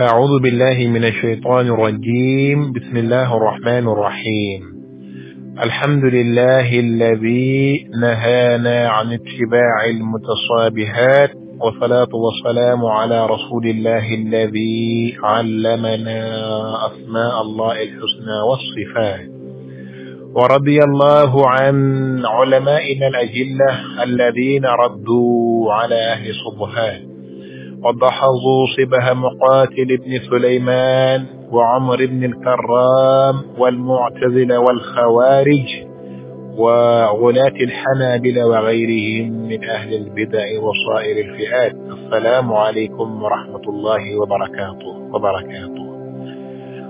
أعوذ بالله من الشيطان الرجيم بسم الله الرحمن الرحيم الحمد لله الذي نهانا عن اتباع المتصابهات وصلاة والسلام على رسول الله الذي علمنا أسماء الله الحسنى والصفات ورضي الله عن علمائنا الأجلة الذين ردوا على أهل صبحات وضحظوا شبه مقاتل بن سليمان وعمر بن الكرام والمعتزل والخوارج وغلاة الحنابلة وغيرهم من أهل البدع وصائر الفئات السلام عليكم ورحمة الله وبركاته وبركاته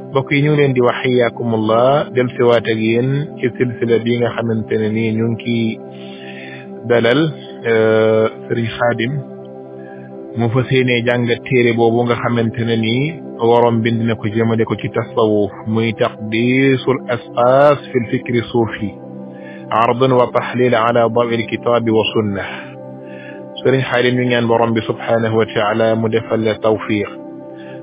mbokk yi ñu ngi leen di wax xiyaakumullah del siwaat ak yéen ci خادم mu fa seenee jàngat téere boobu nga xamante ne ni waroon bind na ko jëmale ko ci tasawuf muy taqdisul asxaas fi lfikri suufi ardan wa taxlil ala dawi lkitaabi wa sunna sëriñ xaalim ñu ñaan borom bi subhaanahu wa taala mu defal la tawfiq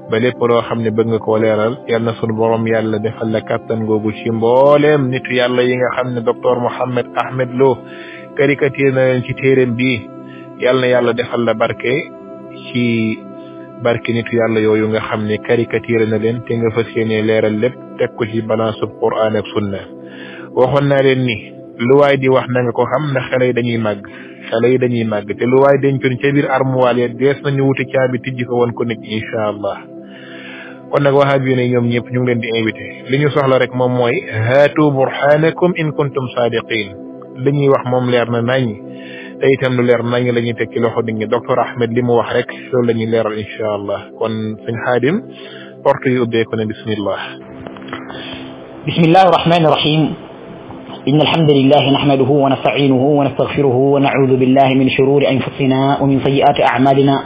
ba lépp loo xam ne bëgg nga koo leeral yal na sunu borom yàlla defal la kattan googu ci mbooleem nitu yàlla yi nga xam ne docteur Mouhamed Ahmed Lo caricature na leen ci téereem bii yal na yàlla defal la barke ci barke nitu yàlla yooyu nga xam ne caricature na leen te nga fas yéene leeral lépp teg ko ci balance bu Qur'an ak sunna waxoon naa leen ni luwaay waay di wax na nga ko xam ndax xale yi dañuy màgg xale yi dañuy màgg te lu waay dencoon ca biir armoire ya dees nañu wuti ko woon ko nit incha allah kon nag wahabiyoon yi ñoom ñëpp ñu ngi leen di invité li ñu soxla rek moom mooy haatu burhanakum in kuntum sadiqin li ñuy wax moom leer na nañ te itam lu leer nañ la ñuy tekki loxo nit ñi docteur Ahmed li mu wax rek loolu la ñuy leeral incha allah kon sëñ Xaadim porte yu ubbeeku ne bismillah bismillahi rahim إن الحمد لله نحمده ونستعينه ونستغفره ونعوذ بالله من شرور أنفسنا ومن سيئات أعمالنا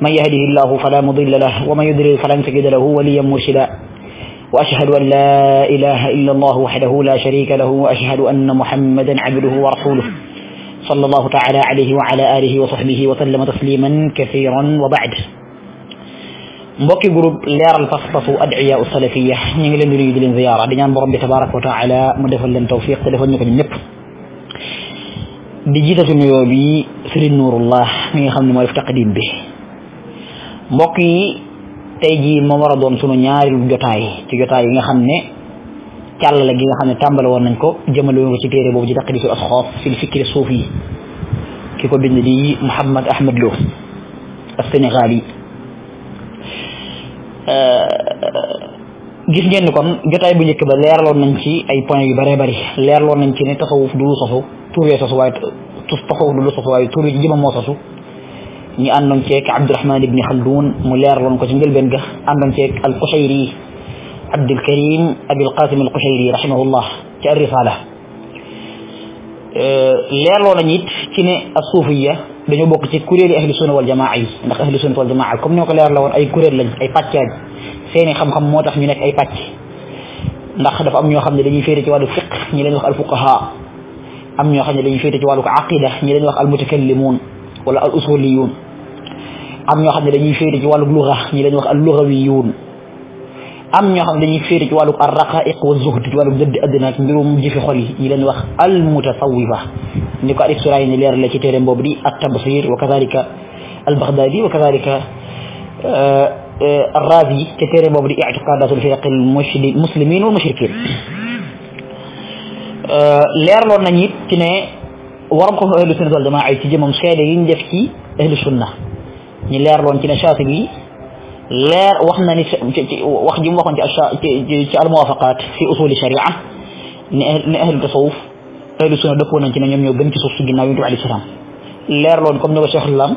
من يهده الله فلا مضل له ومن يضلل فلن تجد له وليا مرشدا وأشهد أن لا إله إلا الله وحده لا شريك له وأشهد أن محمدا عبده ورسوله صلى الله تعالى عليه وعلى آله وصحبه وسلم تسليما كثيرا وبعد مبكي جروب لير الفصفص أدعية السلفية ينقل نريد للزيارة دينام برب تبارك وتعالى مدفع للتوفيق تلفون يكون النب دي جيتا بي سرين نور الله من يخلن ما يفتقدين به مبكي تيجي ممرضون سنو نياري الجتاي الجتاي ينخمني càllale gi nga xam ne tàmbale woon nañ ko jëmale woon ko ci téere boobu ci taqdisu asxaas fil fikri suufi yi ki ko bind di Mouhamed Ahmed Lo as-Sénégal yi gis ngeen ni kon jotaay bu njëkk ba leerloon nañ ci ay point yu bëree bëri leerloon nañ ci ne tasawuf du lu sosu tuuree sosu waaye tasawuf du lu sosu waaye tuur ci jëma moo sosu ñu àndoon ceeg Abdurahman ibni Xaldun mu leerloon ko ci njëlbeen ga àndoon ceeg al Qushayri عبد الكريم أبي القاسم القشيري رحمه الله ci Ar-Risaala leerloo nañ it ci ne as-suufiya dañoo bokk ci kuréeli ahlu sunna wal jamaa yi ndax ahlu sunna wal jamaa comme ni ma ko leerla woon ay kuréel lañ ay pàccaaj seeni xam-xam moo tax ñu nekk ay pàcc ndax dafa am ñoo xam ne dañuy féete ci wàllu fiq ñi leen wax al-fuqahaa am ñoo xam ne dañuy féete ci wàllu aqida ñi leen wax al-mutakallimuun wala al-usuliyuun am ñoo xam ne dañuy féete ci wàllu luga ñi leen wax al-lugawiyuun am ñoo xam dañuy féeri ci walu ar raqa'iq wa zuhd ci walu dëdd adina ak mbirum jëfi xol yi yi leen wax al mutasawwifa ni ko al Isfirayni ni leer la ci téeréem boobu di at tabsir wa kadhalika al baghdadi wa kadhalika ar ci kadalika di i'tiqadatu al firaq al muslimin المسلمين mushrikin leer lo nañ it ci ne waram ko ahlu sunna wal jamaa ci jëmum xéde yi ñu def ci ahlus sunna ñi leer loon ci ne shaati bi leer wax na ni wax ji mu waxoon ci ci almuwafaqaat fi usuli sharia ne ahlu tasawuf ahlu sunna dëppoo nañ ci ne ñoom ñoo gën ci suuf si ginnaaw yonent bi alayhi salaam leer loon comme ni ko cheikh islam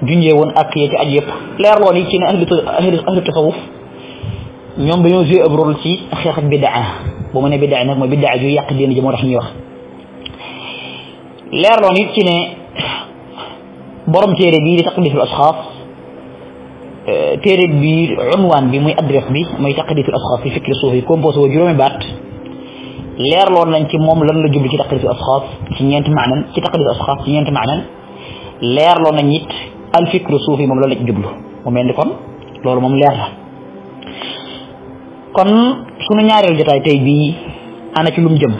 junjee woon ak ya ci aj yëpp leer loon yi ci ne ahlu ahlu tasawuf ñoom dañoo joué ab rôle ci xeex ak bidaa bu ma ne bidaa nag mooy bidaa ju yàq diine ji moo tax ñuy wax leer loon it ci ne borom téere bii di taqdisul asxaas téere bi unwaan bi muy adresse bi mooy taqdiisul asxaas fi fikri suufi composé wa juróomi baat leerloon nañ ci moom lan la jublu ci taqdiisul asxaas ci ñeenti maanan ci taqdiisul asxaas ci ñeenti maanan leerloon nañ it al fikru suufi moom lan la ci jublu mu mel ni kon loolu moom leer la kon sunu ñaareelu jotaay tey bii ana ci lum jëm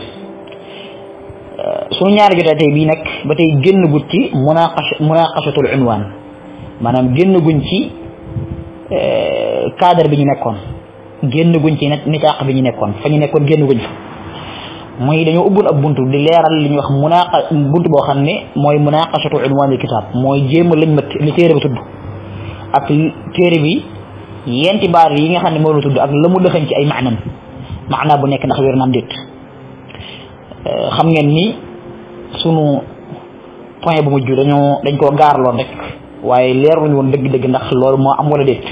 sunu ñaareelu jotaay tey bii nag ba tey génn gut ci munaqash munaqashatul unwaan maanaam génn guñ ci Euh, cadre bi ñu nekkoon génn guñ ci nitaaq bi ñu nekkoon fa ñu nekkoon génn guñ fa muy dañoo ubboon ab bunt bi leeral li ñuy wax munaaqa buntu boo xam ne mooy munaaqashatu unwaanil kitaab mooy jéem a lañ li téere bi tudd ak téere bi yenti baar yi nga xam ne moom tudd ak la mu dëxañ ci ay maanam maanaa bu nekk ndax wér naam déet euh, xam ngeen ni sunu point bu mujj dañoo dañ koo gaarloon rek waaye leeruñu woon dëgg-dëgg ndax loolu moo am wala déet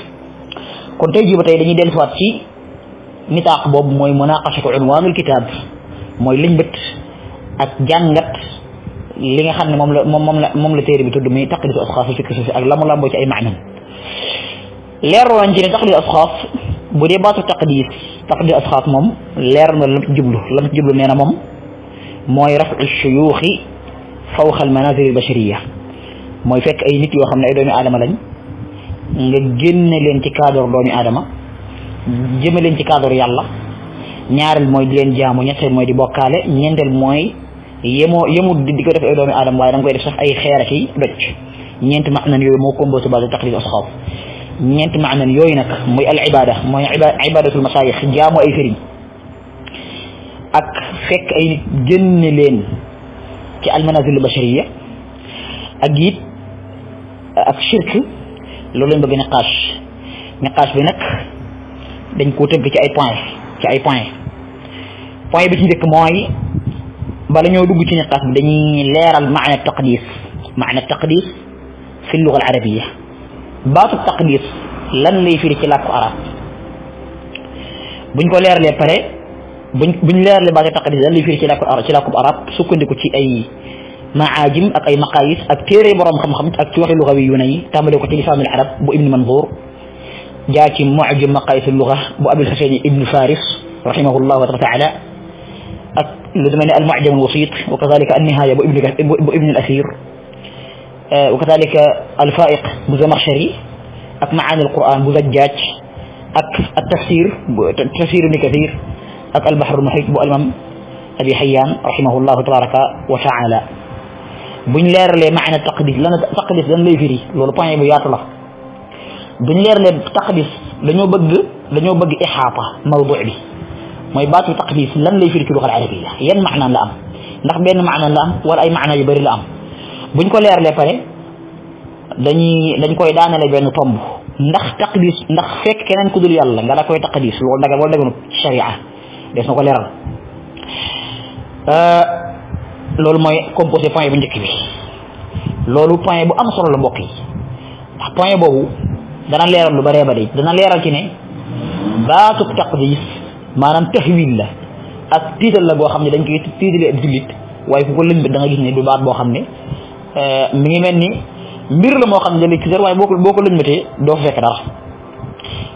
kon tey jii ba tey dañuy dellusiwaat ci nitaaq boobu mooy munaqashatu unwaanul kitaab mooy liñ bët ak jàngat li nga xam ne moom la moom la moom la téere bi tudd muy taqdiisu asxaas fikki suufi ak lamu lamboo ci ay maanam leeroon nañ ci ne taqdiisu asxaas bu dee baatu taqdiis taqdiisu moom leer na lam ci jublu lam ci nee na moom mooy rafu shuyuuxi fawqa al manazil moy fekk ay nit yo xamne ay doomi adama lañ nga génne len ci cadre doomi adama jëme len ci cadre yàlla ñaaral moy di len jaamu ñetteel moy di bokalé ñendel moy yemo yemu di ko def ay doomi adama way dang koy def sax ay xeer ak i doj ñeenti yoy mo moo ci base taqlid asxaab ñeenti maanan yoy nak moy al ibada mooy ibadatul masayikh jaamu ay sëriñ ak fekk ay nit génne leen ci al bashariya ak yit ak shirk loolu lañ bëgg niqaas niqaas bi nag dañ koo tënk ci ay point ci ay point point bi ci njëkk mooy bala ñoo dugg ci niqaas bi dañuy leeral ma maana taqdis maana taqdis fi luga al arabiya baatu taqdis lan lay firi ci làkku arab buñ ko leeralee pare buñ buñ leeralee baatu taqdis lan lay firi ci làkku arab ci làkku arab sukkandiku ci ay معاجم اك اي مقاييس اك تيري بروم خم خم اك توخي لغويون اي تامل كو تيفام العرب بو ابن منظور جاتي معجم مقاييس اللغه بو ابي الحسين ابن فارس رحمه الله تعالى اك لدمن المعجم الوسيط وكذلك النهايه بو ابن بو ابن الاثير آه، وكذلك الفائق بو زمخشري اك معاني القران بو زجاج اك التفسير تفسير ابن كثير اك البحر المحيط بو المم ابي حيان رحمه الله تبارك وتعالى buñ leeralee maana taqdis lan taqdis lan lay firi loolu point bu yaatu la buñ leeralee taqdis dañoo bëgg dañoo bëgg ixaata mawdu bi mooy baatu taqdis lan lay firi ci luxal arabiya yan maanaan la am ndax benn maana la am wala ay maana yu bari la am buñ ko leeralee pare dañuy dañ koy daanale benn tomb ndax taqdis ndax fekk keneen ku dul yàlla nga la koy taqdis loolu daga loolu daganut sharia des na ko leeral loolu mooy composé point bu njëkk bi loolu point bu am solo la mbokk yi ndax point boobu dana leeral lu baree bari dana leeral ci ne baatub taqdis maanaam taxwil la ak tiital la boo xam ne dañ koy tiitalee waaye ku ko lëñ bi da nga gis ne du baat boo xam ne euh, mi ngi mel ni mbir la moo xam ne léegi ci waaye boo ko boo ko doo fekk dara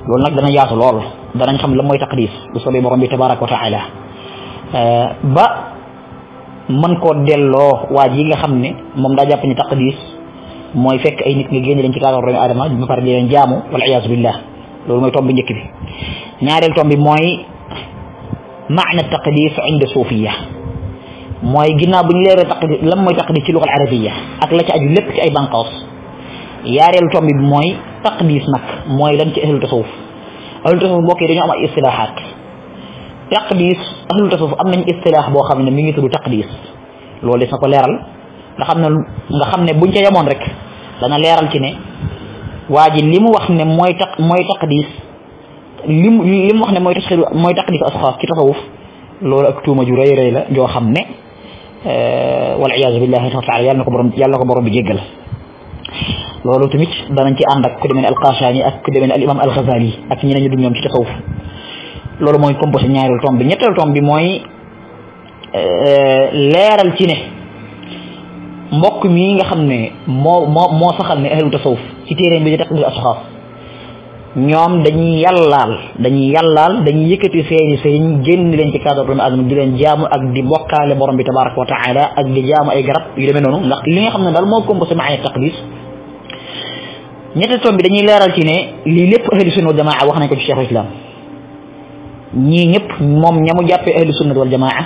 loolu nag dana yaatu lool danañ xam la mooy taqdis bu soobee borom bi tabaraka wa taala euh, ba mën koo delloo waa ji nga xam ne moom daa jàpp ni taqdis mooy fekk ay nit nga génne leen ci kàllaama doomu aadama ba pare di leen jaamu wal iyaazu billah loolu mooy tomb njëkk bi ñaareel tomb bi mooy maana taqdis inda suufiya mooy ginnaaw bu ñu leeree lan mooy taqdis ci luxal arabiya ak la ci aju lépp ci ay banqaas yaareel tombi bi mooy taqdis nag mooy lan ci ahlu tasawuf ahlu tasawuf mbokk am ay istilahaat تقديس اهل التصوف ام نني اصطلاح بو خامني ميغي تودو تقديس لولي ساكو ليرال دا خامنا دا خامني بونجا يامون ريك دا نا ليرال تي ني واجي ليمو واخني موي تق موي تقديس ليمو ليمو واخني موي تخير موي تقديس اصحاب كي تصوف لول اك توما جو ري ري لا جو خامني والعياذ بالله تعالى يالنا كو بروم يالنا كو بروم جيغال لولو تميت دا نانتي اندك كودمن القاشاني اك كودمن الامام الغزالي اك ني نيو دوم نيوم تي تصوف loolu mooy composé ñaareelu tom bi ñetteelu tom bi mooy euh, leeral ci ne mbokk mii nga xam ne moo moo moo saxal ne ahlu tasawuf ci téeréem bi di taqdir asxaaf ñoom dañuy yàllaal dañuy yàllaal dañuy yëkkati seeni sëriñ génn leen ci cadre doomu aadama di leen jaamu ak di bokkaale borom bi tabaraka wa taala ak di jaamu ay garab yu demee noonu ndax li nga xam ne daal moo composé maani taqdis ñetti tom bi dañuy leeral ci ne lii lépp ahlu sunna wal jamaa wax nañ ko ci cheikh islam ñii ñëpp moom ñamu jàppee ahlu sunnat wal jamaa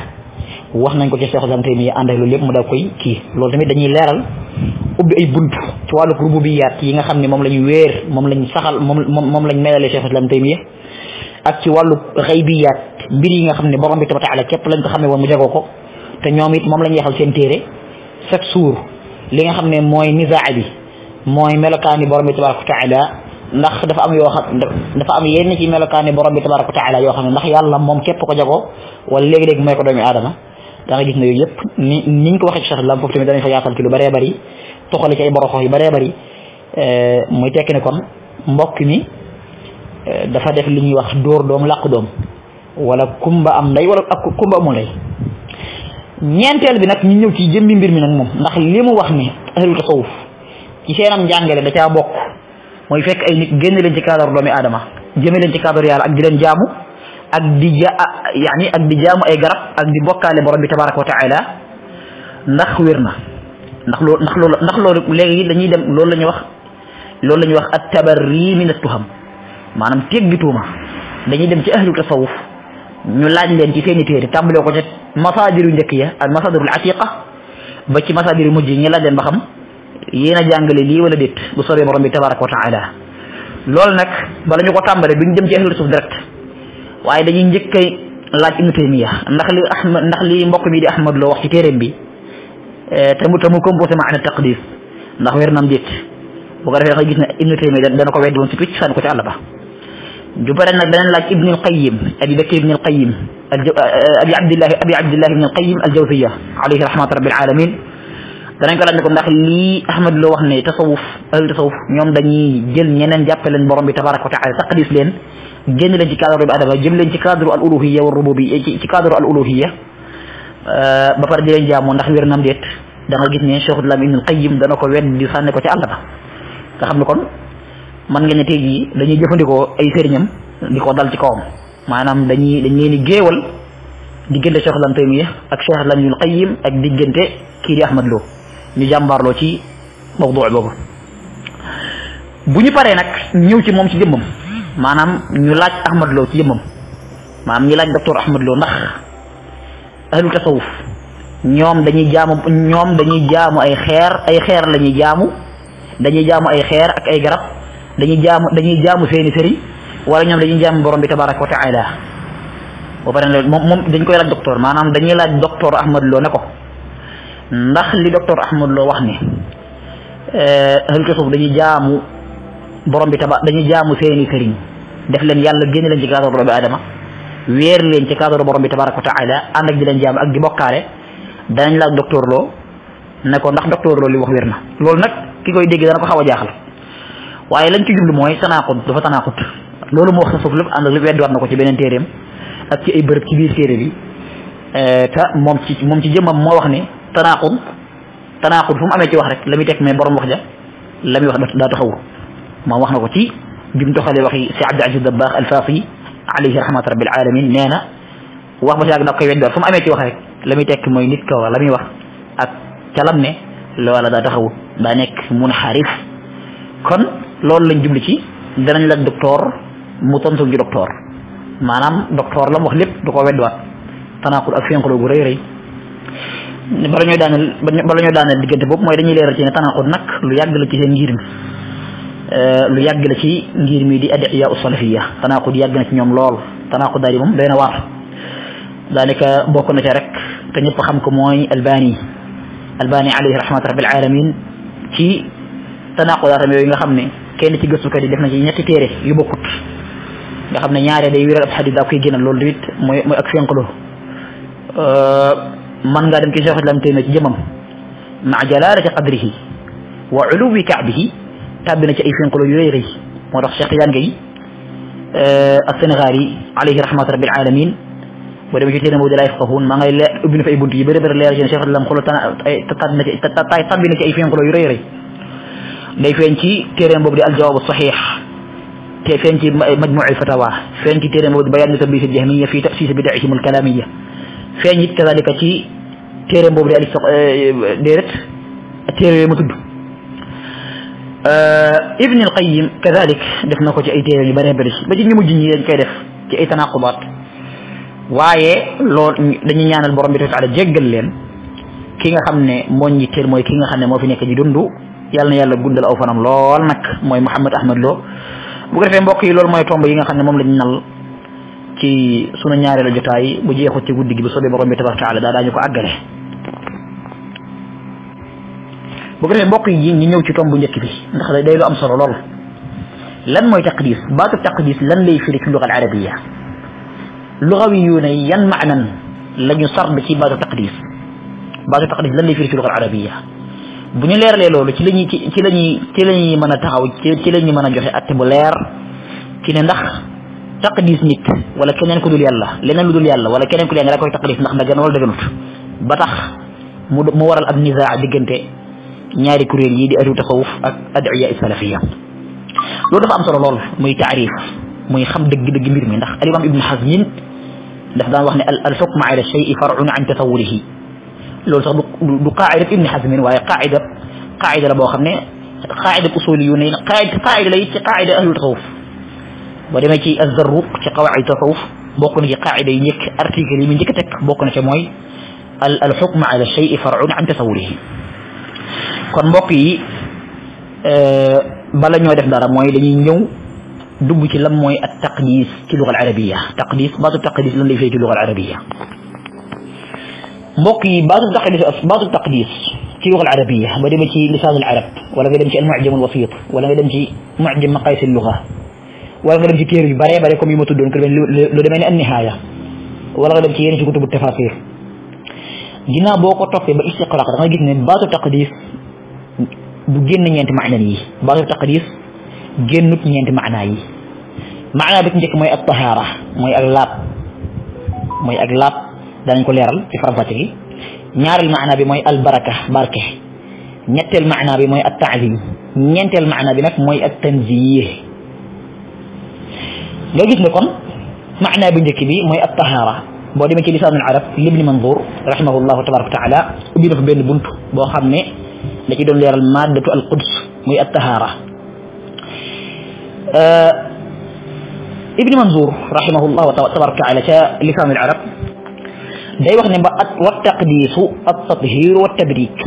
wax nañ ko ci Cheikh Islam Taymiya ànd ak loolu mu daal koy kii loolu tamit dañuy leeral ubbi ay bunt ci wàllu rububiyaat yi nga xam ne moom la ñu wéer moom lañ saxal moom moom lañ melalee Cheikh Islam Taymiya ak ci wàllu xaybiyaat mbir yi nga xam ne borom bi tabaaraka taala képp lañ ko ne woon mu jagoo ko te ñoom it moom la ñu yaxal seen téere chaque suur li nga xam ne mooy nisaa bi mooy melokaani borom bi tabaaraka taala ndax dafa am yoo xam dafa am yenn ci melokaani borom bi tabaraka wa taala yoo xam ne ndax yàlla moom képp ko jagoo wala léegi-léegi may ko doomi aadama da nga gis ne yooyu yëpp ni niñ ko waxee ci lam foofu tamit danañ fa yaatal ci lu bëree bëri toxale ci ay boroxox yu bëree bëri euh, muy ne kon mbokk mi euh, dafa def li ñuy wax dóor doom làq doom wala kumba am nday ak kumba amul ñeenteel bi nag ñu ñëw ci mbir mi ndax li wax ni ahlul tasawuf ci seenam njàngale da caa bokk mooy fekk ay nit génn leen ci cadre doomi adama jëme leen ci cadre yàlla ak di leen jaamu ak di ja yaani ak di jaamu ay garab ak di bokkaale borom bi tabaraka wa taala ndax wér na ndax loolu ndax loolu ndax loolu léegi dañuy dem loolu la ñuy wax loolu la ñuy wax at tabarri min at-tuham maanaam teggi tuuma dañuy dem ci ahlu tasawuf ñu laaj leen ci seeni téere tàmbalee ko ca masadiru njëkk ya ak masadirul atiqa ba ci masadiru mujj ñu laaj leen ba xam yéen jàngale li wala dit bu sore borom bi tabarak wa taala lol nak bala ñu ko tàmbale duñ dem ci ahlus suf direct waye dañuy ñëkke a laaj ibnu taymiya ndax li ahmad ndax li mbokk mi di ahmad lo wax ci terem bi euh tamu tamu mu composé maana taqdis ndax wér nam dit bu ko defee xay gis na ibn taymiya dana ko weddi won ci tuuti san ko ci allah ba ju bare nag danañ laaj al-qayyim abi bakr ibn al-qayyim abi abdullah abi abdullah ibn al-qayyim al aljawziya alayhi rahmatu rabbil alamin danañ ko laaj ko ndax lii Ahmad loo wax ne tasawuf ahlu ñoom dañuy jël ñeneen jàppe leen borom bi tabaraka wa taala taqdis leen génn leen ci cadre bi adaba jëm leen ci cadre al uluhiya wa rububiyya eh, ci cadre al uluhiya euh, ba pare di leen ndax wér nam déet da nga gis ne Cheikhul Islam Ibnul Qayyim dana ko wedd di sànne ko ci àll nga xam ne kon man ngeen ne tey jii dañuy jëfandikoo ay sëriñam di ko dal ci kawam maanaam dañuy dañ leen di géewal diggante Cheikhul Islam Taymiyya ak Cheikhul Islam Ibnul Qayyim ak diggante kii di Ahmad Lo ñu jàmbaarloo ci mawduu boobu bu ñu paree nag ñëw ci moom ci jëmmam maanaam ñu laaj ahmad loo ci jëmmam maanaam ñu laaj docteur ahmad loo ndax ahlu tasawuf ñoom dañuy jaamu ñoom dañuy jaamu ay xeer ay xeer la ñuy jaamu dañuy jaamu ay xeer ak ay garab dañuy jaamu dañuy jaamu seeni sëriñ wala ñoom dañuy jaamu borom bi tabaraka wa taala ba pare moom moom dañ koy laaj docteur maanaam dañuy laaj docteur ahmad loo ne ko ndax li docteur Ahmad Lo wax ni eh, ahlu tasawuf dañuy jaamu borom bi taba dañuy jaamu seeni sëriñ def leen yàlla génne leen ci cadre doomi aadama weer leen ci cadre borom bi tabaraka wa taala ànd ak di ak di bokkaale danañ laaj docteur Lo ndax docteur Lo li wax wér na loolu nag ki koy dégg dana xaw a jaaxal waaye lañ ci jublu mooy tanaaqut dafa tanaaqut loolu moo wax tasawuf lépp ànd ak lépp weddiwaat na ko ci beneen téeréem ak ci ay bërëb ci biir téere bi eh, te moom ci moom ci jëmmam moo wax ni تناقض تناقض فم امي تي واخ رك لامي تك مي بروم واخ جا لامي واخ دا تخاو ما واخنا كو تي بيم دوخالي واخي سي عبد العزيز الدباخ الفاصي عليه رحمه رب العالمين نانا واخ ما ساك نكاي ويندور فم امي تي واخ رك لامي تك موي نيت كو لامي واخ اك تيالام ني لولا دا تخاو دا نيك منحرف كون لول لنج جوبلي سي دا نان لا دكتور مو تونتو جي دكتور مانام دكتور لام واخ ليب دوكو ويندوات تناقض اك فين كلو غري ري bala ñooy daaneel bala ñooy daaneel diggante boobu mooy dañuy leeral ci ne tanaaxut nag lu yàgg la ci seen ngir mi euh, lu yàgg la ci ngir mi di adiya u salafiya tanaaxut yàgg na ci ñoom lool tanaaxut daal di moom doy na waar daanaka bokk na ca rek te ñëpp xam ko mooy albani albani alayhi rahmatu rabbil alamin ci tanaaxudaatam yooyu nga xam ne kenn ci gëstukat yi def na ci ñetti téere yu bokkut nga xam ne ñaare day wéral ab xadis daa koy génnal loolu tamit mooy mooy ak fenqloo euh, من قادم كي شيخ الاسلام تيمية جمم مع جلالة قدره وعلو كعبه تابنا كي ايفين قلو يريغي مرخ شيخ الان جي أه السنغاري عليه رحمة رب العالمين ودم جتير مودة لا يفقهون ما غير ابن في ابن جيبر بر لا شيخ الاسلام قلو تابنا كي ايفين قلو يريغي لي فينتي تيرم بوبدي الجواب الصحيح كيف مجموع الفتاوى فينتي تيرم بوبدي بيان تنبيه الجهميه في تاسيس بدعهم الكلاميه feeñ it kazalika ci téere boobu di alisto eh, déeret téere yooyu ma tudd euh, ibn al qayyim kazalik def na ko ci ay téere yu bare bari ba ci ñu mujj ñi dañ koy def ci ay tanaqubaat waaye loolu dañuy ñaanal borom bi taala jéggal leen ki nga xam ne mooñ ñi téer mooy ki nga xam ne fi nekk di dund yàlla na yàlla gundal aw fanam lool nag mooy Mouhamed Ahmed Lo bu ko defee mbokk yi loolu mooy tomb yi nga xam ne moom nal ci sunu ñaareelu jotaay bu jeexut ci guddi gi bu soobee borom bi tabaaraka taala daa daañu ko àggale bu ko defee mbokk yi ñu ñëw ci tomb bu njëkk bi ndax day lu am solo lool lan mooy taqdis baatu taqdis lan lay firi ci luga al arabiya lugawiyuuna yan maanan la ñu sard ci baatu taqdis baatu taqdis lan lay firi ci luga al arabiya bu ñu leeralee loolu ci lañuy ci lañuy ci lañuy mën a taxaw ci lañuy mën a joxe atte bu leer ci ne ndax تقديس نيت ولا كنن كو دول يالله لنا لودول يالله ولا كنن كو يالله كو تقديس نخ دغان ولا دغنوت با تخ مو وارال اب نزاع ديغنتي نياري كوريل يي دي ادو تخوف اك ادعيه السلفيه لو دا ام سولو موي تعريف موي خم دغ دغ مير مي نخ الامام ابن حزم دا دا واخني الحكم على الشيء فرع عن تصوره لول صاح دو قاعده ابن حزم واي قاعده قاعده لا بو خمني قاعده اصوليون قاعده قاعده لا قاعده اهل الخوف ودمكي الزروق كقواعد الروف بوكن قاعدة ينك أرتي كلمة ينكتك بوكن كموي الحكم على الشيء فرع عن تصوره كون بوكي أه بلا نيو داف دارا موي داني نيو دوبو سي لام موي التقديس في اللغه العربيه تقديس بعض التقديس لان في اللغه العربيه بوكي بعض التقديس بعض التقديس في اللغه العربيه ما دمتي لسان العرب ولا دمتي المعجم الوسيط ولا دمتي معجم مقاييس اللغه wala nga dem ci téere yu bare bare comme yi ma tuddoon kër lu demee ne wala nga dem ci yeneen ci kutubu tafasir ginnaaw boo ko toppee ba istiqraq da nga gis ne baatu taqdis du génn ñeenti nii yi baatu taqdis génnut ñeenti maana yi maana bi ci njëkk mooy ak tahaara mooy ak laab mooy ak laab danañ ko leeral ci faramfàcce gi ñaareel maana bi mooy albaraka barke ñetteel maana bi mooy at taalim ñeenteel maana bi nag mooy at nga gis ni kon معنى بن جكبي مي الطهارة بودي مكي لسان العرب لابن منظور رحمه الله تبارك وتعالى وبينك بين بنت بوخامي لكي دون لير المادة القدس مي الطهارة آه ابن منظور رحمه الله تبارك وتعالى لسان العرب داي وخني التقديس التطهير والتبريك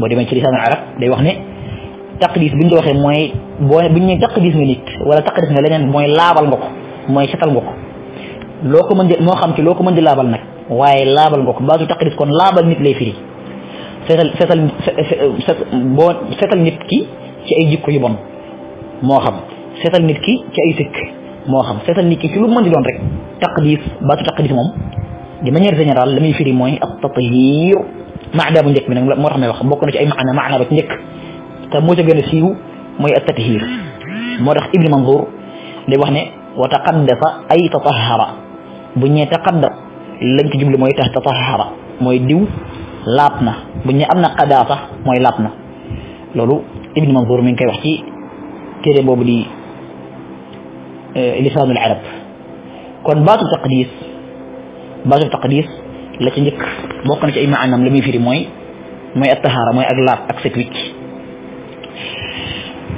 بودي مكي لسان العرب داي وخني تقديس بن دوخي موي بن تقديس منيت ولا تقديس من لنين موي لابل مكو موي شتال مكو لوكو من مو خمتي لوكو من لابل نك واي لابل مكو بازو تقديس كون لابل نيت لي فيري سيتال سيتال سيتال نيت كي تي اي جيكو يبون مو خم سيتال نيت كي تي اي سك مو خم سيتال نيت كي لو من دون رك تقديس بازو تقديس موم دي مانيير جينيرال لامي فيري موي التطهير معنى بنجك من مو خم بوكو نتي اي معنى معنى بنجك te moo ca gën a siiw mooy at tathiir moo tax ibni manzour day wax ne wa taqaddasa ay tatahara bu ñee taqadda lañ ci jublu mooy tax tatahara mooy diw laab na bu ñee am na qadaa sax mooy laab na loolu ibni manzour mi ngi koy wax ci téere boobu di lisaanul arab kon baatu taqdis baatu taqdis la ci njëkk bokk na ci ay maanaam la muy firi mooy mooy at tahaara mooy ak laab ak set wicc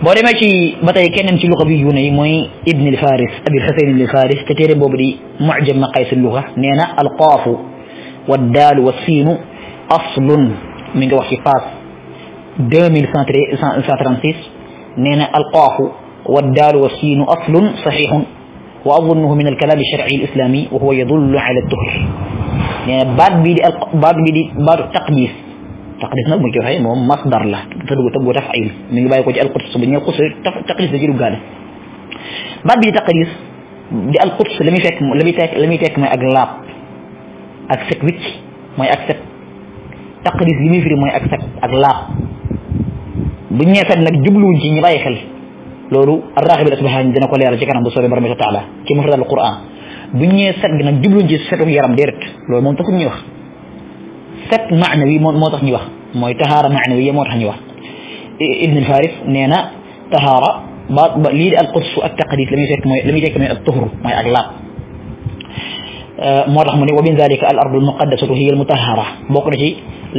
boo demee ci ba tey keneen ci luqa bi yu ne yi mooy ibn al faris abi xasayn al faris te téere boobu di mujam maqays al luqa nee na al qaafu wa daal wa siinu aslun mi nga wax ci page deux mille cent trente six nee na al qaafu wa daal wa siinu aslun saxiixun wa azunnuhu min al kalaam al sharci al islaami wa huwa yadullu ala tuhri nee na baat bii di al baat bii di baatu taqdiis التقديس نك مجي هاي موم مصدر لا تدو تبو تفعيل مي بايكو جي القدس بو نيو كوس تقديس جي لوغال باب دي تقديس دي القدس لمي فيك لمي تك لمي تك ماي اغلاب اك سيك ويتش ماي اك سيك تقديس لمي فري ماي اك سيك اغلاب بو نيفات نك جبلو جي ني باي خل لولو الراغب سبحانه دينا كو لير جي كانام بو سوري تعالى كي مفرد القران بو نيي جبلو جي سيتو يارام ديرت لول مون وخ set maanawi moo tax ñu wax mooy tahaara maanawiya moo tax ñu wax ibn alfaris nee na tahaara ba ba lii di al quds ak taqdis la muy fekk mooy la muy fekk mooy ak tuhru mooy ak laab moo tax mu ne wa min dalika al ardu almuqaddasatu hiya almutahara bokk na ci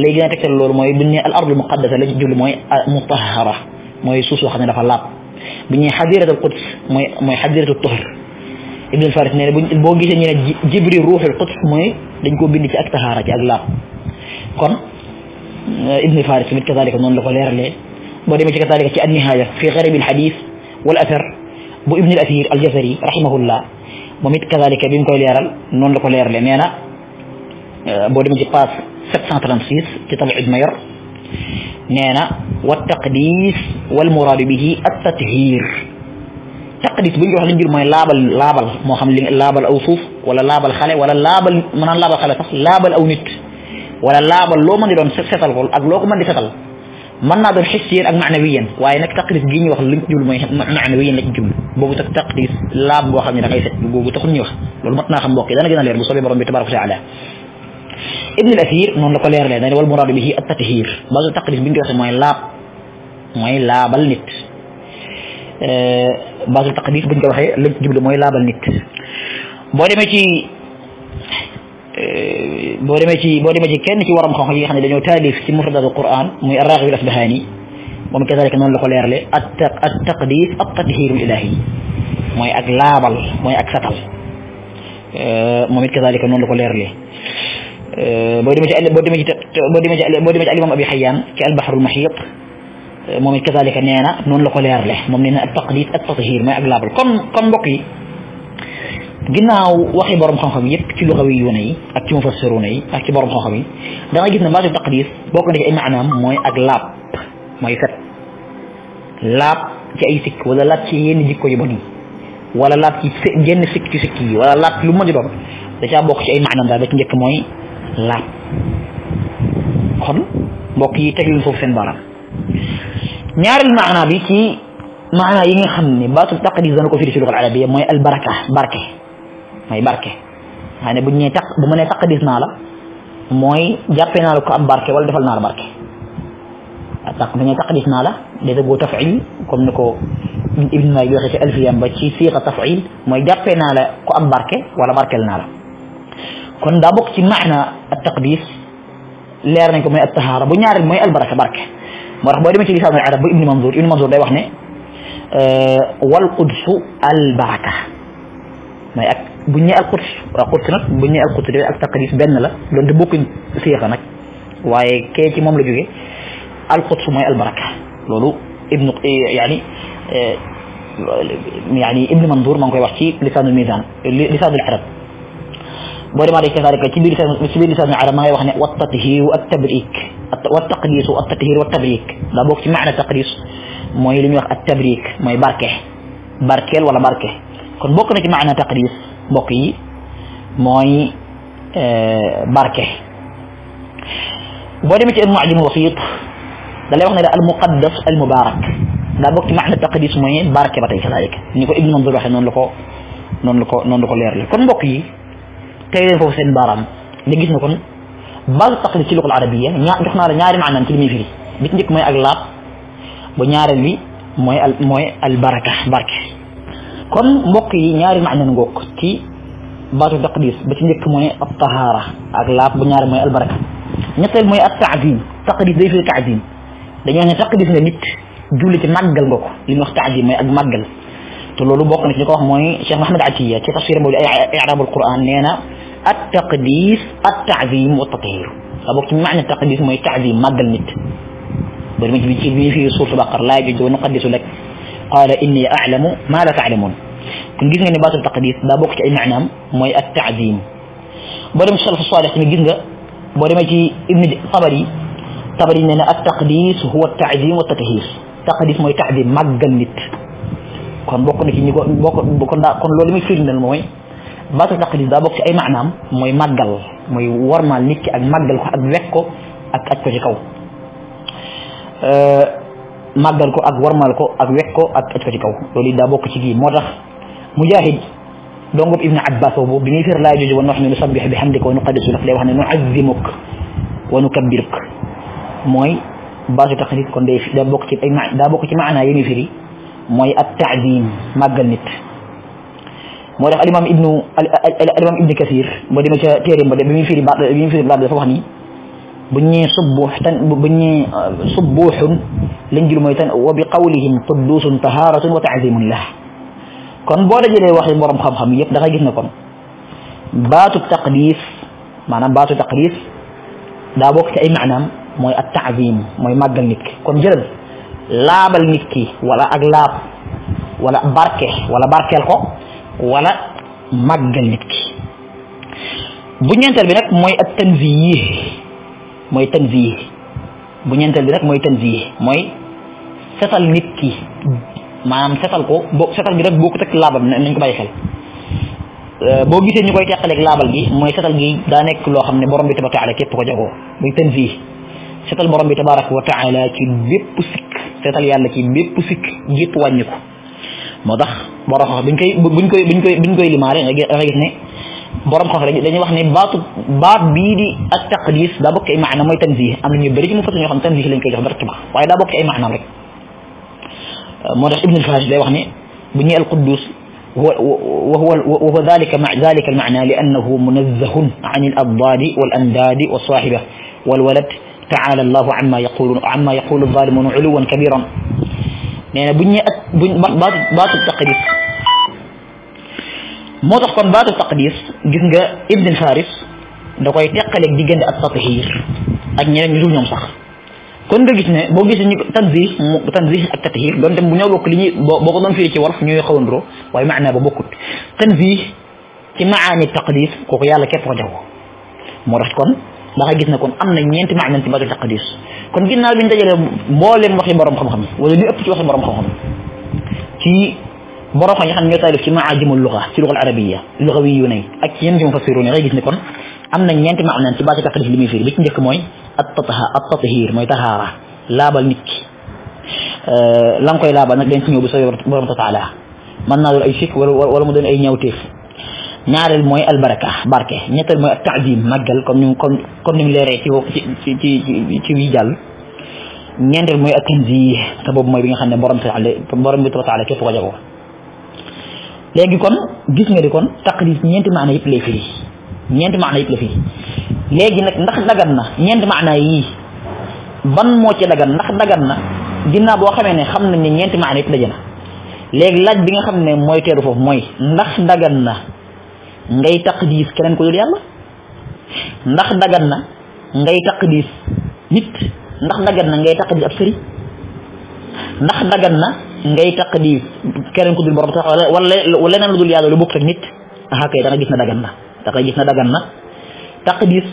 lay gën a tegtal loolu mooy bu ñu nee al ardu almuqaddasa la ci jublu mooy mutahara mooy suuf soo xam ne dafa laab bu ñuy xadirat al quds mooy mooy xadiratu tuhr ibn alfaris nee na boo gisee ñu ne jibri ruuxul quds mooy dañ koo bind ci ak tahaara ci ak laab kon ibni faris tamit kazalika noonu la ko leeralee boo demee ci kazalika ci annihaaya fi garib alxadis wal athar bu ibni al athir al jazari rahimahullah moom it kazalika bi mu koy leeral noonu la ko leeralee nee na boo demee ci page 736 ci tabiid mayar nee na wa taqdis wal muraadu bihi at tathir taqdis bu ñu wax lañ jël mooy laabal laabal moo xam li laabal aw suuf wala laabal xale wala laabal maanaam laabal xale sax laabal aw nit wala laabal loo mën di doon setal ko ak loo ko mën di setal mën naa doon xissiyan ak maanawiyan waaye nag taqdis gi ñu wax liñ jublu mooy maanawiyan la ci jublu boobu tax taqdis laab boo xam ne da ngay set boobu taxul ñuy wax loolu mat naa xam mbokk yi dana gën a leer bu soobee borom bi tabaraka taala ibn al asir noonu la ko leeralee dane wal muraadu bihi at tathir baasu taqdis bi ñu koy waxee mooy laab mooy laabal nit baasu taqdis bu ñu ko waxee lañ ci jublu mooy laabal nit boo demee ci بودي ماجي بودي ماجي كين كي ورم خوخي خاني يعني دانيو تاليف سي مفرد القران موي الراغب الاصبهاني ومن كذلك نون لوكو لير لي التق التقديس التطهير الالهي موي اك لابل موي اك ساتال ا آه، ومن كذلك نون لوكو لير لي ا آه، بودي ماجي بودي ماجي بودي ماجي بودي ماجي امام ابي حيان كي البحر المحيط آه، ومن كذلك نينا نون لوكو لير لي مومن التقديس التطهير موي اك لابل كون كون بوكي ginnaaw waxi borom xam-xam yépp ci luxawiyuuna yi ak ci mufassiruuna yi ak ci borom xam-xam yi da ngay gis ne baatu taqdis boo ko defee ay maanaam mooy ak laab mooy set laab ci ay sikk wala laab ci yenn jikko yu bon yi wala laab ci jenn sikk ci sikk yi wala laab lu mu mën a doon da caa bokk ci ay maanaam daal ba ci njëkk mooy laab kon mbokk yi teg leen foofu seen baaraam ñaareel maanaa bi ci maanaa yi nga xam ne baatu taqdis dana ko firi ci luxal arabiya mooy albaraka barke mooy barke xëy ne bu ñu bu mëne tax taq na la moy jappé na la ko am barke wala defal na la barke tax buñ ñu tax taq na naa la de boo tafil comme niko ibn may waxe ci alfiyam ba ci siqa tafil moy jappé na la ko am barke wala barkel na la kon da bok ci makna at taqdis leer nañ ko moy at tahara bu ñaar moy al baraka barke mo tax bo demee ci lisan al arab bu ibn Manzur ibn Manzur day wax ne والقدس البركة ما baraka bu ñe al quds wa quds nak bu ñe al quds de ak taqdis ben la donte bokkuñ siqa nak waye ke ci mom la joge al moy al lolu ibnu yani يعني ابن منظور ما نكوي وحشي لسان الميزان لسان العرب بوري ماري كذلك كبير كبير لسان العرب ما يوحنا والتطهير والتبريك والتقديس والتطهير والتبريك لا بوك معنى تقديس ما يلم التبريك ما يبركه بركل ولا باركه كن بوك معنى تقديس بقي موي بركه بودي إن المعجم البسيط دا لي واخني المقدس المبارك دا بوكي معنى التقديس موي بركه باتاي كذلك نيكو ابن منظور واخ نون لاكو نون لاكو نون لاكو لير لي كون بقي تاي لين فوف سين بارام لي غيسنا كون بال تقلي في اللغه العربيه نيا جخنا لا نياري معنى تي مي فيري بيت نيك موي اك لاب بو نياارل وي موي موي البركه بركه kon mbokk yi ñaari macna ngokk ci baatu taqdis ba ci njëkk mooy ab tahara ak laab bu ñaari mooy albaraka ñetteel mooy ab taazim taqdis day firi taazim dañu ne taqdis nga nit julli ci màggal nga ko li wax taazim mooy ak màggal te loolu bokk na ci ko wax mooy Cheikh Mahamad Atiya ci tafsiram boobu i'raabul Qur'an nee na at taqdis at taazim wa tatahir daa bokk ci macna taqdis mooy taazim màggal nit bari ma ci bi ci bi fii suuratu Baqara laa jojo qaddisu lek قال إني أعلم ما لا تعلمون كن جزنا نبات التقديس دابوك كأي معنى ما التعظيم بدم السلف الصالح كن جزنا بدم أي ابن طبري طبري إننا التقديس هو التعظيم والتطهير تقديس ما يتعظيم مجنت كن بوكن كن بوكن بوكن كن لولم يفيد من الموي ما تتقديس دابوك كأي معنى ما يمجل ما يورمال نيك أجمجل أجبكو أكتشكو أه magal ko ak warmal ko ak wekk ko ak toj ko ci kaw loolu da bok ci gi motax mujahid dongo ibn abbas bo bi ngay fer laa joju won wax ni subbih sabbih bi hamdika wa nuqaddisu lak day wax ni nu'azzimuk wa nukabbiruk mooy baasu taqrir kon day da bok ci ay da bok ci maana yemi firi moy at ta'zim magal nit al imam ibn al imam ibn kathir mo dima ci tere mo de bi muy firi ba bi muy firi ba da fa wax ni bu ñu nee subuux tan bu ñu nee subuuxun lañ jël mooy tan wa bi qawlihim quddusun tahaaratun wa taazimun lah kon boo dajalee waxi borom xam-xam yëpp da nga gis ne kon baatu taqdis maanaam baatu taqdis daa bokk ci ay maanaam mooy at taazim mooy màggal nit ki kon jëlal laabal nit ki wala ak laab wala barke wala barkeel ko wala màggal nit ki bu ñeenteel bi nag mooy at tanzih mooy tanzih bu ñeenteel bi rek mooy tanzih mooy setal nit ki maanaam setal ko boo setal gi nag boo ko teg laabam nañ ko bàyyi xel euh, boo gisee ñu koy teqaleeg laabal gi mooy setal gi daa nekk loo xam ne borom bi tabaraka taala képp ko jagoo muy tanzih setal borom bi tabaraka wa taala ci bépp sikk setal yàlla ci bépp sikk gépp wàññi ko moo tax boroxox biñ koy buñ koy buñ koy biñ koy limaare nga gis ne borom xam rek dañuy wax ne baatu baat bii di ak taqdis daa bokk ay maana mooy tanzih am na ñu bëri ci mu fatu ñoo xam tanzih lañ koy jox directement waaye daa bokk ay maana rek moo tax ibn al-Faraj day wax ne bu ñuy al-Quddus وهو وهو ذلك مع ذلك المعنى لأنه منزه عن الأضداد والأنداد وصاحبه والولد تعالى الله عما يقول عما يقول الظالمون علوا كبيرا يعني بني بات بات التقديس moo tax kon baatu taqdis gis nga ibn faris da koy teqaleeg diggante ak tatahir ak ñeneen ñu dul ñoom sax kon nga gis ne boo gisee ñu tanzih mu tanzih ak tatahir donte bu ñoo bokk li ñuy boo ko doon firi ci wolof ñooy xawandro waaye maanaa ba bokkut tanzih ci maani taqdis kooku yàlla képp ko jox moo tax kon da nga gis ne kon am na ñeenti maanaan ci baatu taqdis kon ginnaaw bi ñu dajalee mbooleem waxi borom xam-xam wala li ëpp ci waxi borom xam-xam ci borom xam ñi xam ne ñoo taalif ci maajimul lugha ci lugha arabiyya lugawi yu nay ak yenn ci mufassirun yi ngay gis ni kon amna ñent ñeenti ma am ci baati taqdis li muy firi bi ci njëkk moy at tataha at tathir moy tahara labal nitki euh la koy labal nak dañ ci ñëw bu soobee borom taala man naa doon ay sikk wala mu doon ay ñaaral moy al baraka barke ñettal moy ak magal comme ñu comme ñu léré ci ci ci ci wi wii jàll ñeenteel mooy ak tanzih te boobu bi nga xamne borom taala borom bi taala képp ko jago léegi kon gis nga di kon taqdis ñeenti maana yëpp lay firi ñeenti maana yëpp lay firi léegi nag ndax dagan na ñeenti maana yii ban moo ci dagan ndax dagan na ginnaaw boo xamee ne xam nañ ne ñeenti maana yëpp daje léegi laaj bi nga xam ne mooy teeru foofu mooy ndax dagan na ngay taqdis keneen ko dul yàlla ndax dagan na ngay taqdis nit ndax dagan na ngay taqdis ab sëriñ ndax dagan na ngay taq di keneen ku dul borom tax wala wala leneen lu dul yàlla lu bokk ak nit ah kay da nga gis na dagan na da nga gis na dagan na taqdis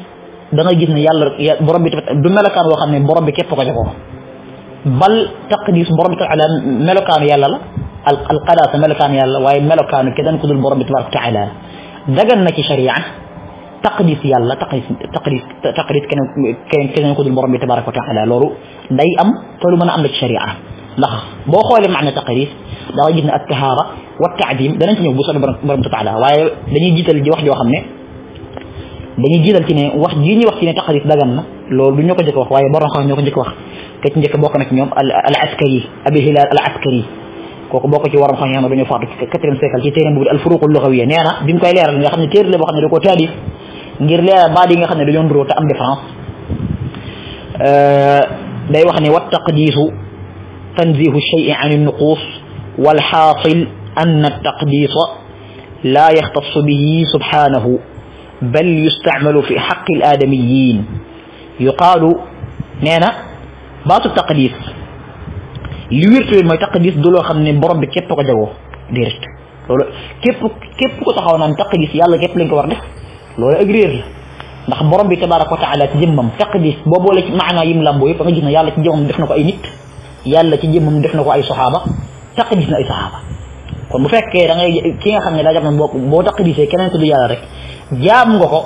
da nga gis na yàlla borom bi du melokaan wo xamne borom bi kep ko jago bal taqdis borom bi taala melokaanu yàlla la al qadaasa melokaanu yàlla waaye melokaanu keneen ku dul borom bi tabaraka taala dagan na ci sharia تقديس يلا تقديس تقديس تقديس كان كان كان يقود المرمى تبارك وتعالى لورو داي ام تولو من عمل الشريعه لخ بو خول معنى تقديس دا وجدنا التهاره والتعديم دا نتي بو سن برم تعالى واي دا ني جيتال جي واخ جو خامني دا ني جيتال تي ني واخ جي ني واخ تي ني تقديس دغان نا لولو نيوكو جيك واخ واي بروخ نيوكو جيك واخ كتي نيك بوك نك نيوم العسكري ابي هلال العسكري كوكو بوكو سي وارم خا نيانو دانيو فاتو سي كاتريم سيكل سي تيرم بوغ الفروق اللغويه نينا بيم كاي ليرال نيو خا نيو تير لي بو خا نيو دكو تاديس ngir leral baat yi nga xam ne dañoo nduróo te am différence day wax ni wa taqdisu tanzihu cheyi an nuqus nuquus والحاصل أن la لا bihi subhanahu bal بل fi في حق الآدميين يقال نانا baatu taqdis li wirtu te mooy taqdis du loo xam ne borom bi képp ko jagoo déedéet loolu képp képp ko taxaw naan taqdis yàlla képp lañ ko war def loolu ak réer ndax borom bi tabaraka wa taala ci jëmmam taqdis boo boole ci maanaa yim làmboo yëpp da nga gis ne yàlla ci jëmmam def na ko ay nit yàlla ci jëmmam def na ko ay saxaaba taqdis na ay saxaaba kon bu fekkee da ngay ki nga xam ne daa jàpp ne boo boo taqdisee keneen tudd yàlla rek jaam nga ko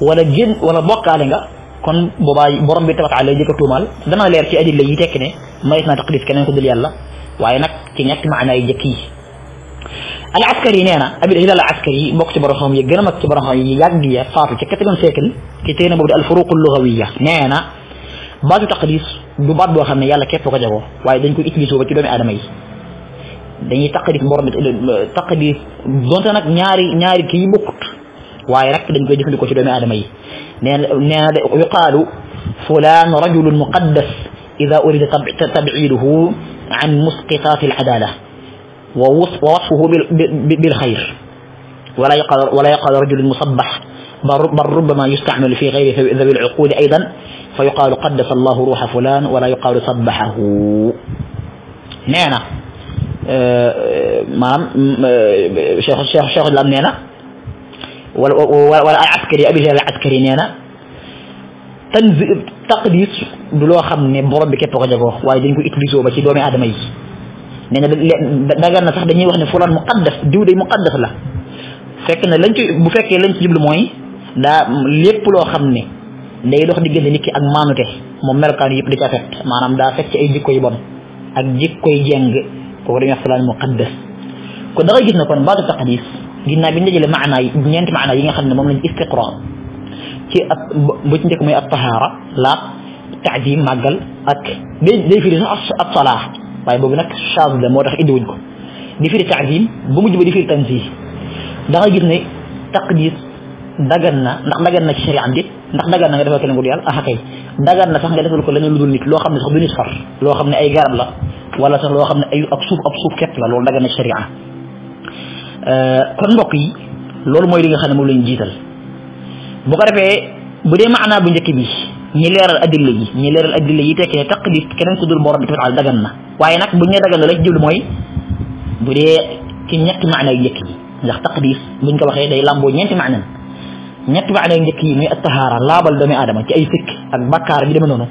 wala jën wala bokkaale nga kon boobaa borom bi tabaraka lay jëkk a tuumaal dana leer ci adilla yi tekki ne mayes naa taqdis keneen ko tudd yàlla waaye nag ci ñetti maanaa yi jëkk yi العسكري نانا أبي الهلال العسكري مكتب رخام يجنا مكتب رخام يجنا فاطل كتلون سيكل كتير نبود الفروق اللغوية نينا بعض تقديس ببعض بوخم يلا كيف وكذا هو وايدن كل إتبي سوبر أدمي دني تقديس مرمت تقديس دونت نياري نياري كي بكت وايرك دني كل جهلي كده أدمي نينا نينا فلان رجل مقدس إذا أريد تبعيده عن مسقطات العداله ووصفه بالخير ولا يقال ولا يقال رجل مصبح بل ربما يستعمل في غير ذوي العقول ايضا فيقال قدس الله روح فلان ولا يقال صبحه نعنا آه، ما آه، شيخ شيخ شيخ الامن نعنا ولا عسكري ابي جاري عسكري نعنا تقديس بلو خمني بربي كيف وجبه وايدين كو اتليزو بشي دومي ادمي nee na dagan na sax dañuy wax ne fulaan muqaddas diw day muqaddas la fekk na lañ ci bu fekkee lañ ci jublu mooy daa lépp loo xam ne day dox diggante nit ki ak maanute moom melokaan yëpp da ca fekk maanaam daa fekk ci ay jikko yu bon ak jikko yu jeng kooku dañuy wax fulaan muqaddas kon da ngay gis ne kon ba taqdis ginnaaw bi ñu dajale maanaa yi maax maanaa yi nga xam ne moom lañ istiqra ci ab bu ci mooy at tahaara laab taadim màggal ak day day firi sax ab salaa waaye boobu nag charge la moo tax wuñ ko di firi taazim bu mujj ba di firi tanzih da nga gis ne taqdir dagan na ndax dagan na ci sharia am déet ndax dagan na nga defal keneen ngul yàlla ah kay dagan na sax nga defal ko leneen lu dul nit loo xam ne sax du nit far loo xam ne ay garab la wala sax loo xam ne ay ab suuf ab suuf képp la loolu dagan na ci sharia kon mbokk yi loolu mooy li nga xam ne moom lañ jiital bu ko defee bu dee maanaa bu njëkk bi ñi leeral adilla yi ñi leeral adilla yi tekki ne taqlid keneen ku dul borom bi tamit al dagan na waaye nag buñ ne dagan na ci jublu mooy bu dee ci ñetti maana yu njëkk yi ndax taqdis buñ ko waxee day làmboo ñeenti maanam ñetti maana yu njëkk yi muy attahaara laabal doomi aadama ci ay sikk ak bakkaar bi deme noonu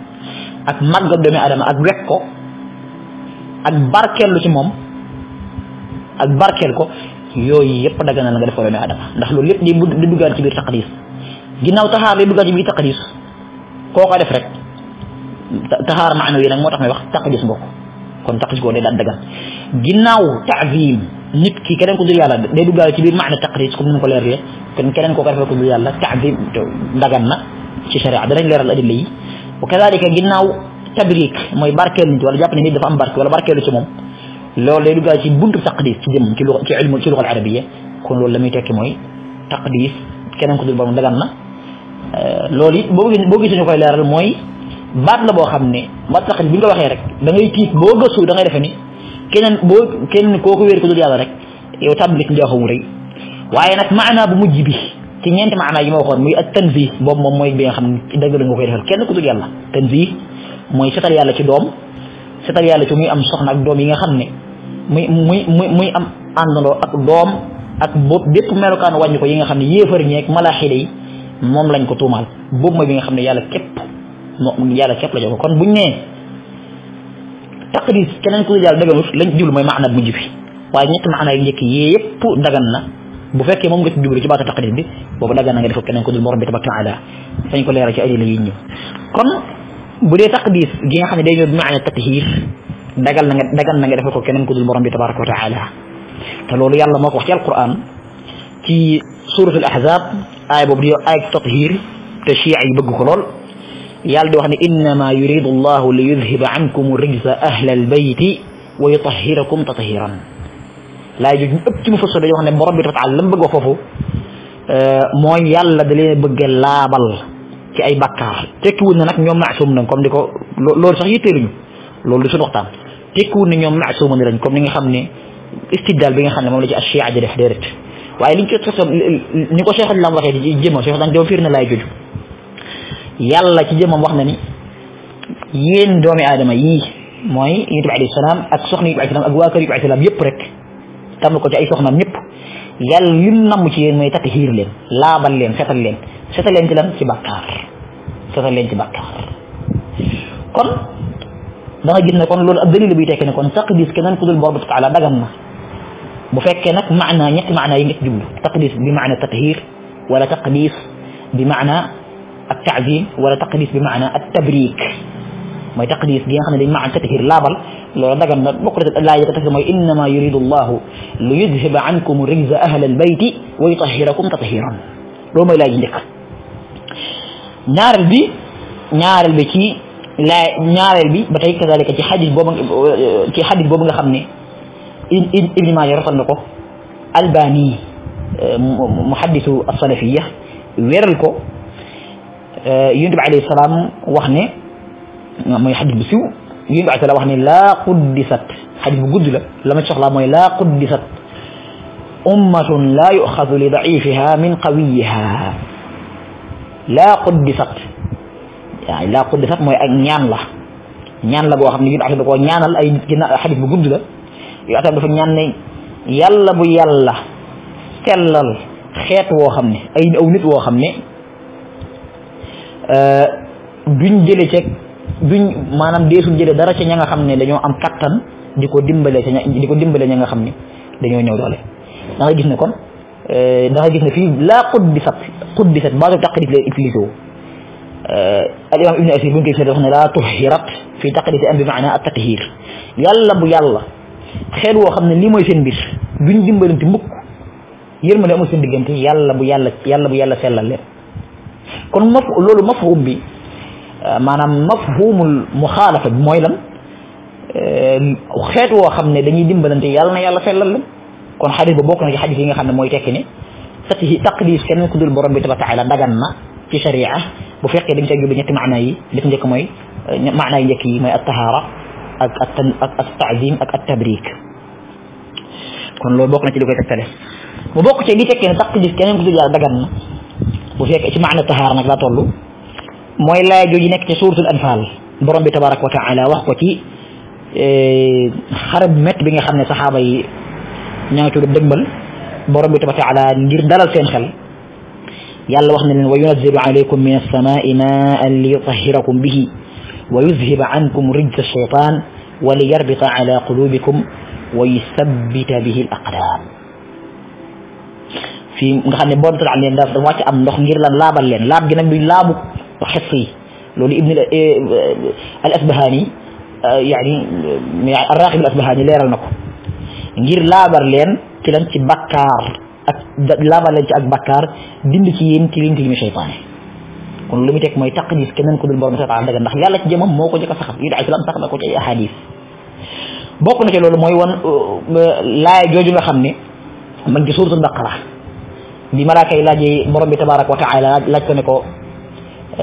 ak màggal doomi aadama ak wekk ko ak lu ci moom ak barkeel ko yooyu yëpp daganal nga def ko doomi aadama ndax loolu lépp di duggaat ci biir taqdis ginnaaw taxaar day koo ko def rek taxaar maanaam yi nag moo tax may wax taqdis nga kon taqdis koo day daal dagan ginnaaw taazim nit ki keneen ko dul yàlla day duggaale ci biir maana taqdis comme ni ko leeralee kon keneen koo ko defee ko dul yàlla taazim dagan na ci sharia danañ leeral adilla yi wa kadalika ginnaaw tabrik mooy barkeelu nit wala jàpp ne nit dafa am barke wala barkeelu ci moom loolu day duggaale ci buntu taqdis ci jëm ci lu ci ilmu ci luxal arabiya kon loolu la muy tekki mooy taqdis keneen ko dul borom dagan na Euh, loolu it boo boo gisee koy leeral mooy baat la boo xam ne ba matlaqin bi nga waxee rek dangay ngay tiit boo gëstu da defe ni keneen boo kenn kooku wéer ko dul yàlla rek yow tàbb ci njaaxum rëy waaye nag maanaa bu mujj bi ci ñeenti maanaa yi ma waxoon muy ak tanzih boobu moom mooy bi nga xam ne ci dëgg la nga koy defal kenn ku dul yàlla tanzih mooy setal yàlla ci doom setal yàlla ci muy am soxna ak doom yi nga xam ne muy muy muy muy am àndandoo ak doom ak bopp bépp melokaan wàññi ko yi nga xam ne yéefar ñeeg malaaxida mom lañ ko tumal bu mooy bi nga xamne yalla kep mo moo yàlla la jox kon buñ ne taqdis kenen ko yalla yàlla lañ djul moy maana bu mujj way ñet makna maana ñek yépp dagan na bu fekke mom nga ci jublu ci baatu taqdis bi bobu dagan na nga def kenen ko dul morom bi tabaka ala fañ ko leeral ci adila li ñu kon bu dé taqdis gi nga xamne day ñu makna maana dagal na nga dagan na nga def ko kenen ko dul morom bi tabaraka wa taala te loolu yàlla wax ci alquran ci سورة الأحزاب آية بوبليو آية تطهير تشيعي بقولون يالد إنما يريد الله ليذهب عنكم الرجس أهل البيت ويطهركم تطهيرا لا يجوز أبتي مفصل يوه أن مربي تتعلم بقوفه آه، موي يالا دلي بقى لابل كي أي بكار تكو أنك نيوم معصوم نكم ديكو لول صحيح تيرين لول دي سنوقتا تكو أن نيوم معصوم نكم نيوم خمني استدال بيغا خمني مولي جي أشياء جي waye liñ ci xësam ni ko Cheikh Islam waxe di jëmmam Cheikh Islam do firna lay joju yàlla ci jëmmam wax na ni yéen doomi adama yi moy yitu ali salam ak soxna yitu ali salam ak waa yitu ali salam yep rek tam ko ci ay soxna ñëpp yàlla yu nam ci yéen moy tati xiir leen laabal leen setal leen setal leen ci lan ci bakkar setal leen ci bakkar kon da nga gis ne kon loolu ak dalil bi tekki kon saq kenen kudul borbu dul borom taala dagan na bu fekke nak maanaa ñet maanaa yi nga ci taqdis bi maana tatheer wala taqdis bi maana at ta'zim wala taqdis bi maana at tabrik moy taqdis gi nga xamne ne dañ maana tathir laabal loolu dagan na bokku la la yaka tax moy inna ma yuridu allah li yudhhib ankum rijza ahla albayti wa yutahhirakum tatheeran loolu moy laaj njëkk ñaaral bi ñaaral bi ci la ñaaral bi batay tey kazalika ci hadith bobu ci hadith bobu nga xamne ابن ماجه رسل لكو الباني آه، محدث الصلفية وير لكو آه، ينتبع عليه السلام وحني ما يحدث بسيو ينتبع عليه السلام وحني لا قدست حديث بقود لك لما تشخ الله لا قدست أمة لا يؤخذ لضعيفها من قويها لا قدست يعني لا قدست ما نيان الله نيان الله بو خامني جيت عليه بو نيانال اي حديث بقود لك yu atam dafa ñaan ne yalla bu yalla kellal xet wo xamne ay aw nit wo xamne euh duñ jëlé ci duñ manam deesul jëlé dara ci ñinga xamne dañoo am kattan diko dimbalé ci ñinga diko dimbalé ñinga xamne dañoo ñëw doole da nga gis ne kon euh da nga gis ne fii laa quddisat quddisat baatu taqdis lay utilisé wu الإمام ابن أسير ne la tuhirat fi تهرت في bi ma'na at-tahir yalla bu yalla xel wo xamne li moy seen bir duñ dimbalanti mukk yermale amu seen digeenti yàlla bu yàlla yàlla bu yàlla selal le kon maf lolu mafhum bi manam mafhumul mukhalafa moy mooy lan xeet woo xam ne dañuy dimbalanti yàlla na yàlla selal le kon hadith ba bokk na ci hadith yi nga xamne moy tekki ne tati taqdis kenn ko dul borom bi taala dagan na ci sharia bu fekke dañ ca jublu ñetti maana yi def ci moy maana yi njëkk yi moy at tahara التعظيم اك التبريك كون لو بوك نتي لوكاي تكتالي مو بوك تي لي تكين تاك جيس كينن كودو يار دغان بو فيك تي معنى طهار نك لا تولو موي لاي جوجي نك تي سوره الانفال بروم بي تبارك وتعالى واخو تي خرب ويذهب عنكم رجس الشيطان وليربط على قلوبكم ويثبت به الأقدام fii nga xam ne borom tëral leen daf wàcc am ndox ngir lan laabal leen laab gi nag du laabu xes yi loolu ibn al asbahani yaani arraqib al asbahani leeral na ko ngir laabar leen ci lan ci bakkaar ak laabar leen ci ak bakkaar dind ci yéen tilim tilimi cheytaane kon lu mu tek moy taqdis kenen ko dul borom seetaan dagan ndax yàlla ci jëmam moko ko saxal yu daay sax na ko ci hadith bokku na ci lolu moy won laaya joju nga xamne man ci suratul baqara bi malaaka yi laajee borom bi tabaraka wa taala laaj ko ne ko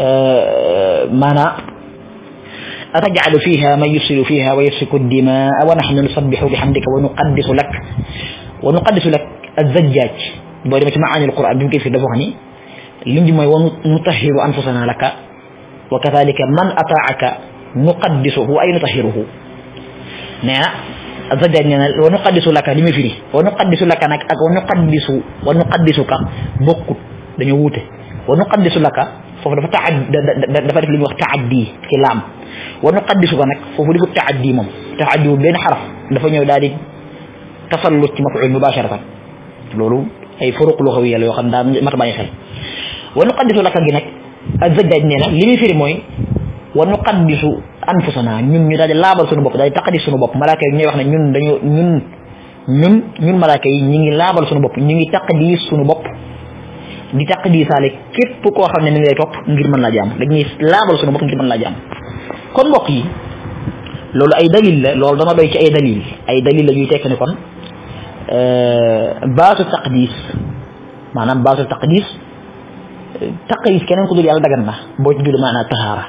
euh maanaa أتجعل فيها من يفسد فيها ويسفك الدماء ونحن نسبح بحمدك ونقدس لك ونقدس لك الزجاج بولي معاني القرآن بيمكن في دفعني لنجي ماي وانو نطهر أنفسنا لك وكذلك من أطاعك نقدسه أي نطهره نعم زجاجنا ونقدس لك لم يفري ونقدس لك نك أك ونقدس ونقدسك بكت دنيوته ونقدس لك فهو دفع تعد دفع لك لم يتعدي كلام ونقدسك نك فهو لك تعدي مم تعدي بين حرف دفع نيو ذلك تسلط مفعول مباشرة لولو ay furuq luxawiyya la yoo xam daa mat a bàyyi xel wa nuqaddisu laka gi nag az-Zajjaaj nee li muy firi mooy wa nuqaddisu anfusana ñun ñu daal di laabal suñu bopp daal di suñu bopp malaaka yi ñuy wax ñun dañu ñun ñun ñun malaaka yi ñu ngi laabal suñu bopp ñu ngi taqadis suñu bopp di taqdisaale képp koo xam ne ni ngay topp ngir mën laa jaam dañuy laabal suñu bopp ngir mën laa mbokk yi loolu ay dalil la loolu dana doy ci ay dalil ay dalil la ñuy tekk ne kon Euh, baatu taqdis maanaam baatu taqdis taqdis keneen ku dul yàlla dagan na boo ci jublu maanaa tahaara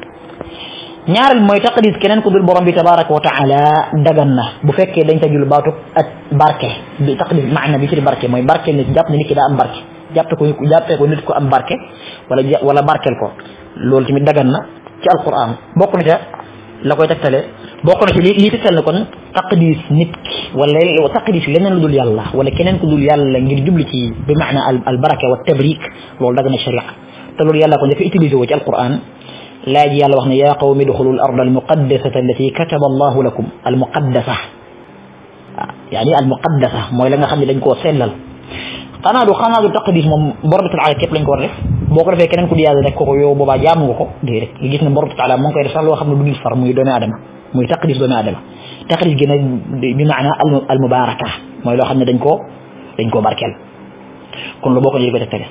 ñaareel mooy taqdis keneen ku dul borom bi tabaraka wa taala dagan na bu fekkee dañ ca jublu baatu ak barke bi taqdis maana bi ci barke mooy barke nit jàpp ne nit ki daa am barke jàppe ko ko nit ko am barke wala wala ko loolu tamit dagan na ci bokk na la koy tegtale bokku na ci li ci sel kon taqdis nit ki wala taqdis lenen dul yàlla wala kenen ko dul yàlla ngir djublu ci bi makna al baraka wa tabrik lol daga na sharia te lol yàlla ko def utiliser wo ci al alquran laaj yàlla wax ne ya qawmi duxulu al ard al muqaddasata allati kataba allah lakum al muqaddasah yani al muqaddasah moy la nga xamni ne dañ koo sellal xanaa du xanaa du taqdis moom bordatul ala kep lañ ko war def boko defé kenen ko ku rek ko yow boba jaamu nga ko déedéet nga gis ne bordatul ala mo ngi koy def sax lo xamni du nit far muy doomi adama muy taqdis doomu aadama taqdis gi nag bi maana al mubaraka mooy loo xam ne dañ koo dañ koo barkeel kon lu boo ko jëlee ko teg tege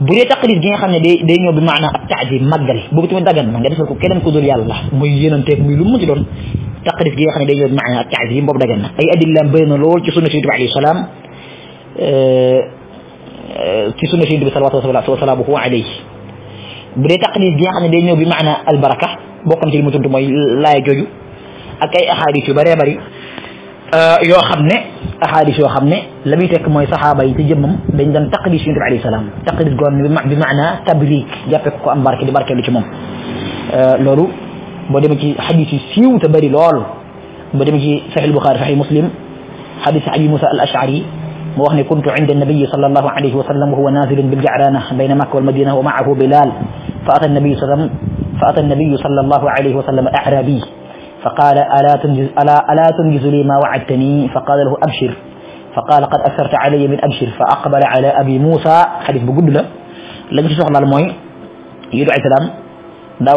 bu dee taqdis gi nga xam ne day day ñëw bi maana ab taadi màggal boobu tamit dagan na nga defal ko keneen ku dul yàlla muy yénanteeg muy lu mu ci doon taqdis gi nga xam day ñëw bi maana ab taadi boobu dagan ay adillaam bëri na ci sunna si yonent bi alayhi salaam ci sunna si yonent bi salawaatu wasalaamuhu alayhi bu dee taqdis gi nga xam ne day ñëw bi maana albaraka bokkam ci ak ay ahadis yu bëree bëri yoo xam ne ahadis yoo xam ne la muy tekk mooy saxaaba yi ci jëmmam dañ dan taqdis yonent alayhi salaam taqdis goon bi bi maana tabrik jàppe ko am barke di barkeelu ci moom loolu boo demee ci hadith yu siiw te bari lool boo demee ci saxi Buxaari saxi Muslim hadith Abi Musa al Ashari mu wax ne kuntu inda nabiyi sal allahu alayhi wa sallam wa huwa nazilun biljacrana bayna makka walmadina wa maahu bilal fa ata nabiyu fa ata nabiyu sal allahu alayhi wa sallam arabi فقال ألا تنجز, ألا, ألا تنجز لي ما وعدتني فقال له أبشر فقال قد أثرت علي من أبشر فأقبل على أبي موسى حديث بقول له لم تسوق لال يدعى السلام دا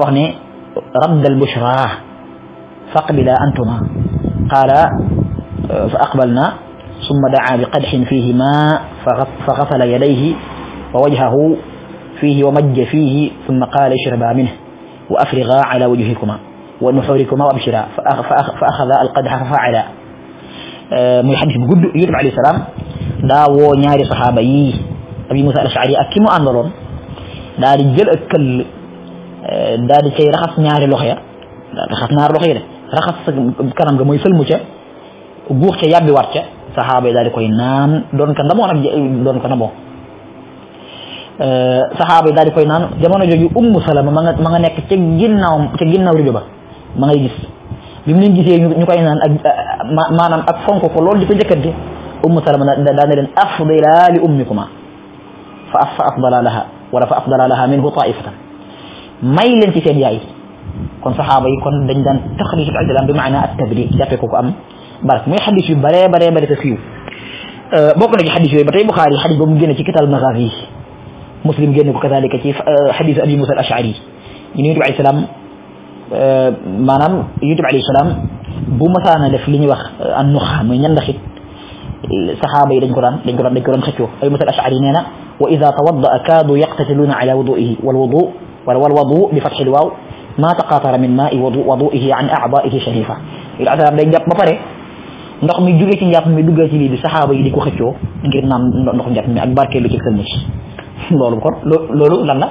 رد البشرى فاقبلا أنتما قال فأقبلنا ثم دعا بقدح فيه ماء فغسل يديه ووجهه فيه ومج فيه ثم قال اشربا منه وأفرغا على وجهكما wa nuxurikuma wa abshira fa axada alqadxa fa faala muy xadis bu gudd yusuf alayhi salaam daa woo ñaari saxaaba yii abi musa al ashari ak ki mu àndaloon daa di jël ak këll euh, daa di cay raxas ñaari loxo ya raxas ñaari loxo ya de raxas kanam nga mooy sëlmu ca guux ca yàbbi war ca saxaaba yi daal koy naan doon ko ndamoo nag doon ko ndamoo euh, saxaaba yi daal koy naan jamono jooju ummu salama ma nga ma nga nekk ca ma ngay gis bimu mu leen gisee ñu koy naan ak maanaam ak fonk ko loolu di ko gi ummu salama daa ne leen afdila li ummikuma fa fa afdala laha wala fa afdala laha minhu taifatan may leen ci seen yaay kon saxaaba yi kon dañ daan taxriij al bi maana at tabrik jàppe ko ko am barak muy xadis yu bare bare bare te siiw bokk na ci xadis yooyu ba tey Buxaari xadis ba mu génne ci kital magaazi muslim génne ko kadalika ci xadisu abi musa al ashari ñu ngi tubi alayhi salaam maanaam yutub alayhi salaam bu masaana def li ñuy wax an nuxa muy ñandaxit saxaaba yi dañ ko daan dañ ko daan dañ ko daan xëccoo ay musal ashari nee na wa ida tawaddaa kaadu yaqtatiluuna ala wuduihi walwudu wala walwudu bi fatxil waaw ma taqaatara min maai wuduihi an aadaihi sharifa yutub alayhi salaam day jàpp ba pare ndox mi jógee ci njàpp mi duggee ci lii bi saxaaba yi di ko xëccoo ngir naan ndox njàpp mi ak barkeelu ci sëlmi loolu kon loolu lan la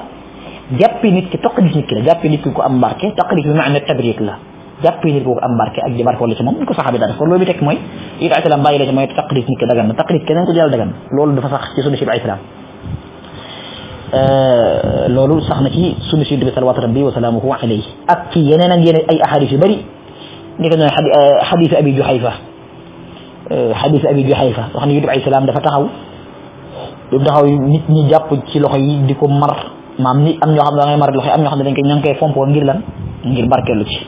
jàppi nit ki toqali nit ki la jàppi nit ki ko am barke toqali bi maanaam tabrik la jàppi nit ko am barke ak di barke wala ci mom ko sahabi da ko loolu bi teg mooy it ay salaam la ci moy taqlit nit ki dagan na taqlit keneen ko jàll dagan loolu dafa sax ci sunu ci bi ay salaam loolu sax na ci sunu ci bi salawaatu rabbi wa salamuhu alayhi ak ci yenen ak yenen ay ahadith yu bari ni ko noonu xadis abi juhayfa hadith abi juhayfa wax ne yusuf ay salaam dafa taxaw dafa taxaw nit ñi jàpp ci loxoy yi di ko mar maam nit am ñoo xam da ngay mar loxe am ñoo xam dañ koy ñang koy fompo ngir lan ngir barkelu ci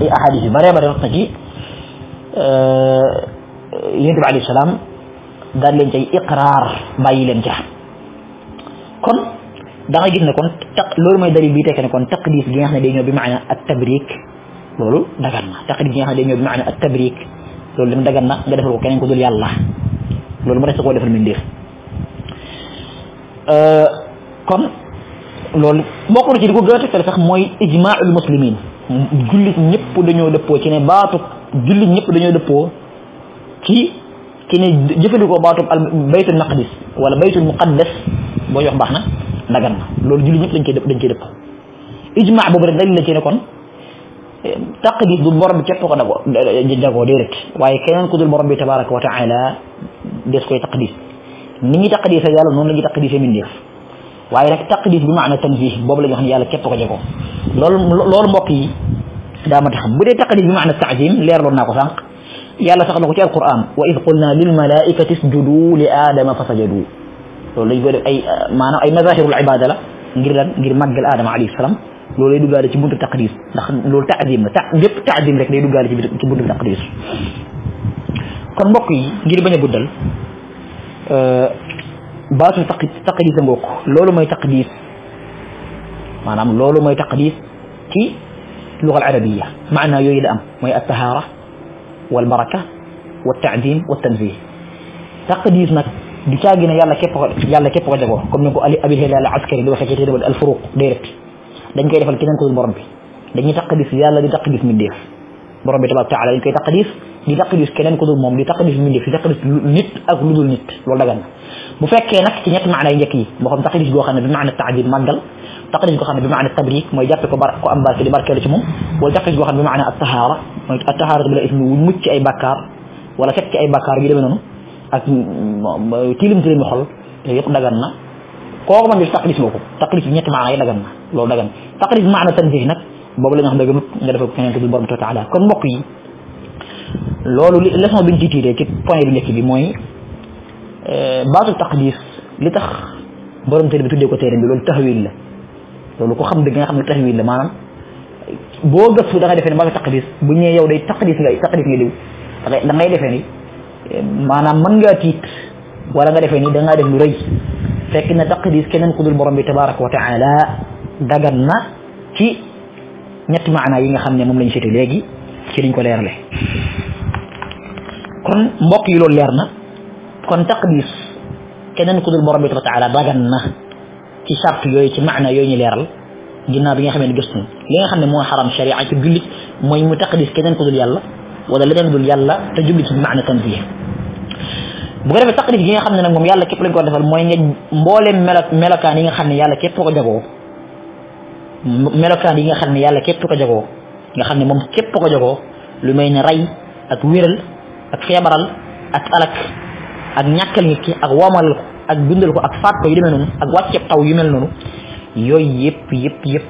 ay ahadith bare bare wax na ci euh yunus bi alayhi salam dal leen cay iqrar bayi leen ci kon da nga gis ne kon tak lolu mooy dalil bi tek ne kon taqdis gi nga xam ne day ñoo bi maana at tabrik lolu dagan na taqdis gi nga xam ne day ñoo bi maana at tabrik lolu dem dagan na nga defal ko keneen ko dul yalla lolu mo des ko defal min dir eh, kon loolu bokk na ci di ko gën a tegtal sax mooy ijmaa'ul muslimin jullit ñëpp dañoo dëppoo ci ne baatu jullit ñëpp dañoo dëppoo ci ci ne jëfandikoo baatub al baytul maqdis wala baytul muqaddas boo jox baax na dagan na loolu jullit ñëpp dañ koy dëpp dañ koy dëpp ijmaa boobu rek dalil la ci ne kon taqdis du borom bi képp ko dagoo dagoo déedéet waaye keneen ku dul borom bi tabaraka wa taala des koy taqdis ni ñuy taqdisee yàlla noonu la ñuy taqdisee mindeef waaye rek taqdis bi maana tanzih boobu la ñu xam ne yàlla képp ko jagoo loolu loolu mbokk yi daa ma xam bu dee taqdis bi maana taazim leerloon naa ko sànq yàlla sax na ko ci alquran wa id qulna lil malaikati isjudu li aadama fa sajadu loolu lañ koy def ay uh, maanaam ay mazahirul ibada la ngir lan ngir màggal aadama alayhi salaam loolu lay duggaale ci buntu taqdis ndax loolu taadim la ta lépp taadim rek day duggaale ci buntu taqdis kon mbokk yi ngir bañ a guddal uh, باتو تقديس موك لولو ماي تقديس معناه لولو ماي تقديس في اللغه العربيه معنى يويد ام ماي الطهاره والبركه والتعدين والتنزيه تقديس نك ديتاغينا يالا كيبو يالا كيبو ديغو كوم نكو علي ابي هلال العسكري لو خيتي ديبل الفروق ديريكت دنج كاي ديفال كي نكو بروم بي دنج تقديس يالا دي تقديس من ديف بروم بي تبارك وتعالى دنج كاي تقديس di taqalif keneen ku dul moom di taqalif mbindeef di taqalif nit ak lu dul nit loolu dagan na bu fekkee nag ci ñett maana yi njëkk yi moo xam taqalif goo xam ne bi maana taajib màggal taqalif goo xam ne bi maana tabrik mooy jàppe ko bar ko am barke di barkeelu ci moom wala taqalif goo xam ne bi maana attahaara mooy attahaara bi la ismi wu mucc ay bàkkaar wala set ci ay bàkkaar yu demee noonu ak tilim tilim xol yëpp dagan na kooku man di taqalif boobu taqalif ñett maana yi dagan na loolu dagan taqalif maana tanzih nag boobu la ñu wax dëgg nga defal ko keneen ko dul borom taala kon mbokk yi loolu leçon bi ñu ciy tiiree ci point bi njëkk bi mooy euh, baatu taqdis li tax borom téere bi tuddee ko téere bi loolu taxawil la loolu ko xam dëgg nga xam ne taxawil la maanaam boo gëstu da ngay defee ne baatu bu ñëwee yow day taqdis ngay taqdis ngay diw da ngay defee euh, maanaam mën ngaa tiit wala nga defee ni da ngaa def lu rëy fekk na taqdis keneen ku dul borom bi tabaraka wa taala dagan na ci ñetti maanaa yi nga xam ne moom lañu seete léegi ci liñ ko leerale kon mbokk yi loolu leer na kon taqdis keneen ku dul borom bi tabaraka taala dagan na ci sart yooyu ci maana yooyu ñu leeral ginnaaw bi nga xamee ne gëstu li nga xam ne moo xaram sharia ci jullit mooy mu taqdis keneen ku dul yàlla wala leneen dul yàlla te jubli ci maana tanzih bu ko defee taqdis gi nga xam ne nag moom yàlla képp lañ ko defal mooy nga mbooleem melo melokaan yi nga xam ne yàlla képp ko jagoo melokaan yi nga xam ne yàlla képp ko jagoo nga xamne mom kep ko jogoo lu mel ni rey ak wiral ak febaral ak alak ak ñàkkal nit ki ak womal ko ak dundal ko ak faat ko yu demee noonu ak wàcce taw yu mel noonu yoy yep yep yep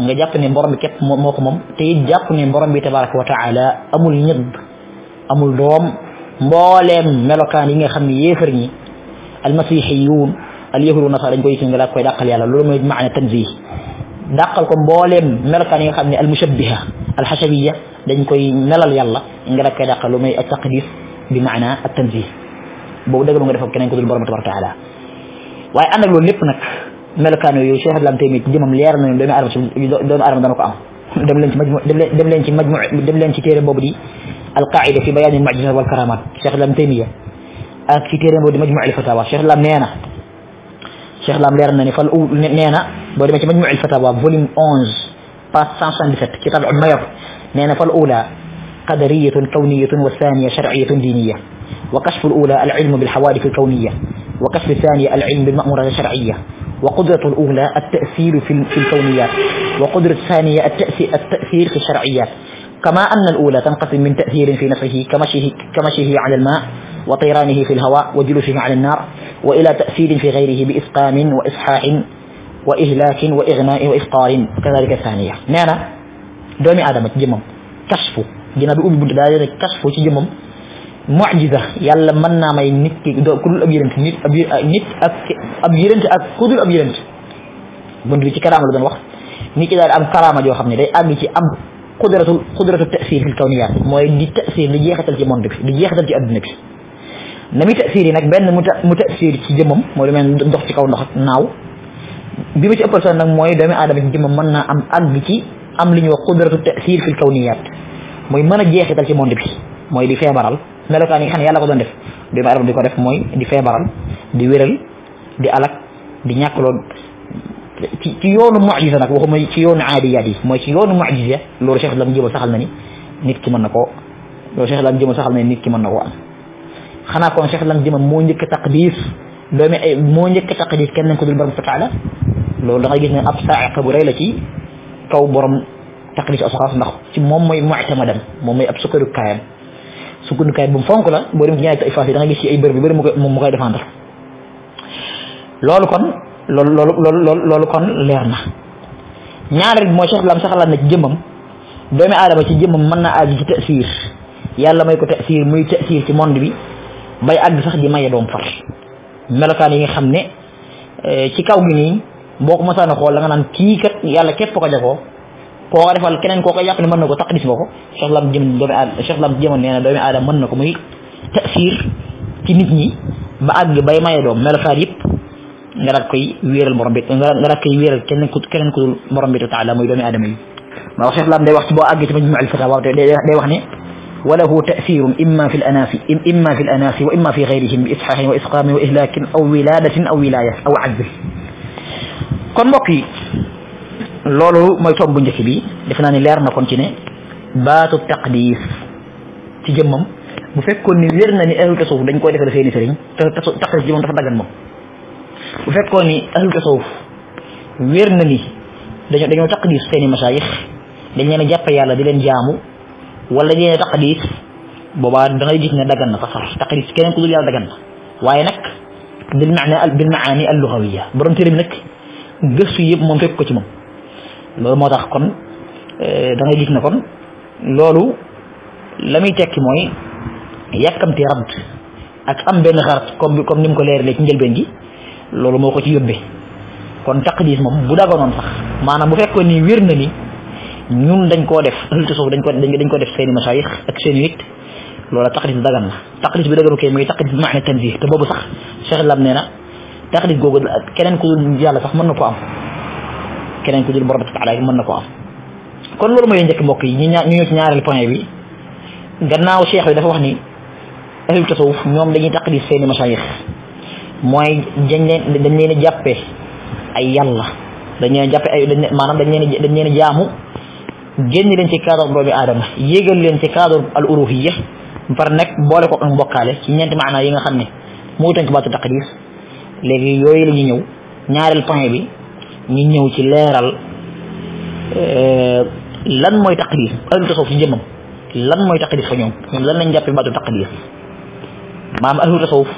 nga jàpp ne mborom bi kep moko mom te it jàpp ne mborom bi tabaraka wa taala amul ñëbb amul doom mbooleem melokan yi nga xam ne ñi al almasihiyuun al yahudu nasara dañ koy yëkkati nga la koy dakal yàlla lolu moy maana tanzih dakal ko mbollem melkan yi xamni al mushabbiha al hashabiyya dañ koy melal yàlla nga dak koy dàqal lu at taqdis bi maana at tanzih boobu dëgg nga def ko keneen ko dul borom tabaraka taala way ànd ak loolu lépp nak melkan yo cheikh lam taymi ci jëmam leer na doomu aadama doomu aadama dana ko am dem len ci majmu dem len ci majmu dem len ci tere bobu di al qa'ida fi bayan al mu'jizat wal karamat cheikh lam islam taymiya ak ci tere bobu di majmu al fatawa cheikh lam neena Cheikh Lam leer na ni fal nee na boo demee ci majmuul fatawa volume 11 page 177 ci tabu mayot nee fal ula قدرية كونية والثانية شرعية دينية وكشف الأولى العلم بالحوادث الكونية وكشف الثانية العلم بالمأمورات الشرعية وقدرة الأولى التأثير في الكونيات وقدرة الثانية التأثير في الشرعيات كما أن الأولى تنقسم من تأثير في نفسه كمشيه, كمشيه على الماء وطيرانه في الهواء وجلوسه على النار وإلى تأثير في غيره بإسقام وإصحاء وإهلاك وإغناء وإفطار كذلك الثانية نانا نعم. دومي آدم جمم كشف جنا بأم بنت دائرة كشف جمم معجزة يلا منا ما ينك كل أبيرنت نت أبيرنت أبيرنت كل أبيرنت بنت بيتي كرام لدن وقت أم كرام جو خمني أبيتي أب xudratu xudratu tasir fil kawniyat mooy di tasir di jeexatal ci monde bi di jeexatal ci na muy tasir yi nag benn mu mu tasir ci jëmmam mooy lu mel dox ci kaw ndox naaw bi ma ci ëppal nag mooy doomi aadama ci jëmmam mën naa am àgg ci am lu ñuy wax xudratu tasir fil kawniyat mooy mën a jeexital ci monde bi mooy di feebaral melokaan yi nga xam ne yàlla ko doon def doomi aadama di ko def mooy di feebaral di wéral di alak di ñàkkloo ci ci yoonu mucjisa nag waxuma ci yoonu aadiyaat yi mooy ci yoonu mucjisa loolu Cheikh Islam jëmal saxal na ni nit ki mën na koo loolu Cheikh Islam jëmal saxal na ni nit ki mën na koo am xanaa kon Cheikh Islam jëmal moo njëkk taqdis doomi ay moo njëkk taqdis kenn nañ ko dul borom taala loolu da ngay gis ne ab saaqa bu rëy la ci kaw borom taqdis asxaas ndax ci moom mooy muctamadam moom mooy ab sukkandukaayam sukkandukaayam bu mu fonk la boo dem ci ñaari ifaas yi da nga gis ci ay bërëb yu bëri mu koy mu koy défendre loolu kon loolu loolu loolu kon leer ñaar rek mo Cheikh lam saxalaat na ci jëmmam doomi adama ci jëmam man na aaji ci tasiir yalla may ko tasiir muy tasiir ci monde bi bay ag sax di maye doom far melokan yi nga xamne eh, ci kaw gi ni boko ma sañu xol la nga nan ki kat yalla kep ko jagoo ko ko defal keneen koo ko jàpp man nako takdis boko Cheikh lam jëm doomi adama Cheikh lam jëmam neena doomi adama man nako muy tasiir ci nit ñi ba ag bay maye doom melokan yi ngarak koy wéral borom bi ngarak ngarak koy wéral kenn ko kenn ko borom bi ta'ala moy doomi adamay ma wax xeflam day wax ci bo agge ci majmu'ul fatawa day wax ni وله تأثير إما في الأناس إما في الأناس وإما في غيرهم بإصحاح وإسقام وإهلاك أو ولادة أو ولاية أو عدل كون موكي لولو موي توم بو نجيكي بي ديفنا ني لير نكون تي ني بات التقديس تي جيمم بو فيكون ني ويرنا ني ايرو تاسوف دنج كو ديفال سيني bu fekkoon ni ahlul tasawuf wér na ni dañoo dañoo taqdis seeni masaayix dañ leen a jàppe yàlla di leen jaamu wala di leen taqdis boobaa da ngay gis ne dagan na tasar taqdis keneen ku dul yàlla dagan na waaye nag bil maana bil maani al lugawiya borom téere bi nag gëstu yëpp moom fekk ko ci moom loolu moo tax kon da ngay gis ne kon loolu la muy tekki mooy yàkkamti radd ak am benn xarat comme comme ni mu ko leeralee ci njëlbeen gi loolu moo ko ci yóbbee kon taqdis moom bu daganoon sax maanaam bu fekkoon ni wér na ni ñun dañ koo def ahlu tasawuf dañ ko dañ ko def seeni masaayix ak seeni nit loola taqdis dagan la taqdis bi daganu kay mooy taqdis bi maana tanzih te boobu sax Cheikh Lam nee na taqdis googu keneen ku dul yàlla sax mën na ko am keneen ku dul borom taala mën na ko am kon loolu mooy njëkk mbokk yi ñu ñaa ñu ñëw ci point bi gannaaw seex bi dafa wax ni ahlu tasawuf ñoom dañuy taqdis seeni masaayix mooy dañ leen dañ leen jàppe ay yàlla dañ leen jàppe ay maanaam dañ leen dañ leen jaamu génn leen ci cadre doomi aadama yéegal leen ci cadre al yi uruhiyya par nag boole ko ak mbokkaale ci ñeenti maanaa yi nga xam ne moo tënk baatu taqdis léegi yooyu la ñu ñëw ñaareel point bi ñu ñëw ci leeral euh, lan mooy taqdis ahlu tasawuf ci jëmmam lan mooy taqdis fa ñoom ñoom lan lañ jàppe baatu taqdis maanaam ahlu tasawuf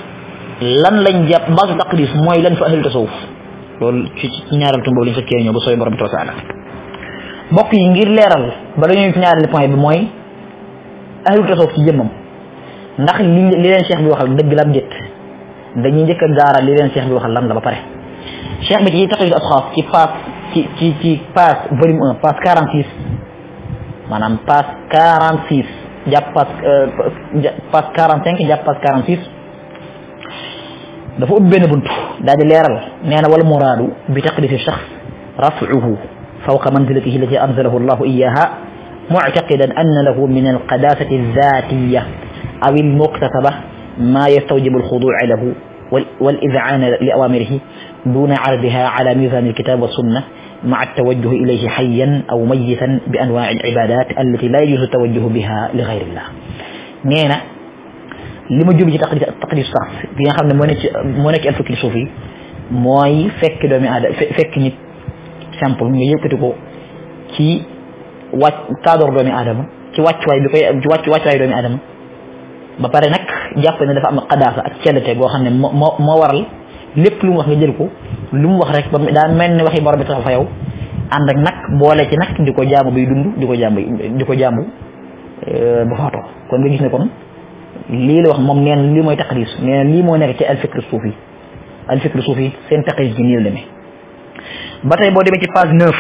lan lañ jàpp baasu taqdis mooy lan fa ahlu tasawuf loolu ci ñaaral tum boobu lañ fekkee ñëw ba sooy borom bi taala mbokk yi ngir leeral ba dañuy ci ñaareelu point bi mooy ahlu tasawuf ci jëmmam ndax li li leen cheikh bi waxal dëgg la am jët dañuy njëkk a gaaral li leen cheikh bi waxal lan la ba pare cheikh bi ci taqdis asxaas ci paas ci ci ci paas volume 1 paas 46 maanaam paas 46 jàpp paas euh, paas 45 jàpp paas 46 dafa ubbi بن buntu daal di leeral nee na wal muraadu bi taqdisi shaxs rafcuhu fawqa manzilatihi allati anzalahu allahu iyaha معتقدا أن له من القداسة الذاتية أو المقتسبة ما يستوجب الخضوع له والإذعان لأوامره دون عرضها على ميزان الكتاب والسنة مع التوجه إليه حيا أو ميتا بأنواع العبادات التي لا يجوز التوجه بها لغير الله نينا li ma jublu ci taqdis taqdis sax bi nga xam ne moo nekk ci moo nekk ci alfikri suuf yi mooy fekk doomi aada nit simple nga yëkkati ci wàcc cadre doomi aadama ci wàccuwaay bi koy ci wàcc wàccuwaay doomi aadama ba pare nag jàpp ne dafa am qadaasa ak cellate goo xam ne moo moo moo waral lépp lu mu wax nga jël ko lu mu wax rek ba daa mel ni waxi borom bi tax fa yow ànd ak nag boole ci nag ndi ko jaamu buy dund di ko jaamu di ko jaamu euh, ba faatoo kon nga gis ne kon لي لوخ موم نين لي موي تقديس نين لي مو نيك تي الفكر الصوفي الفكر الصوفي سين تقديس دي نيل ديمي باتاي بو ديمي تي فاز 9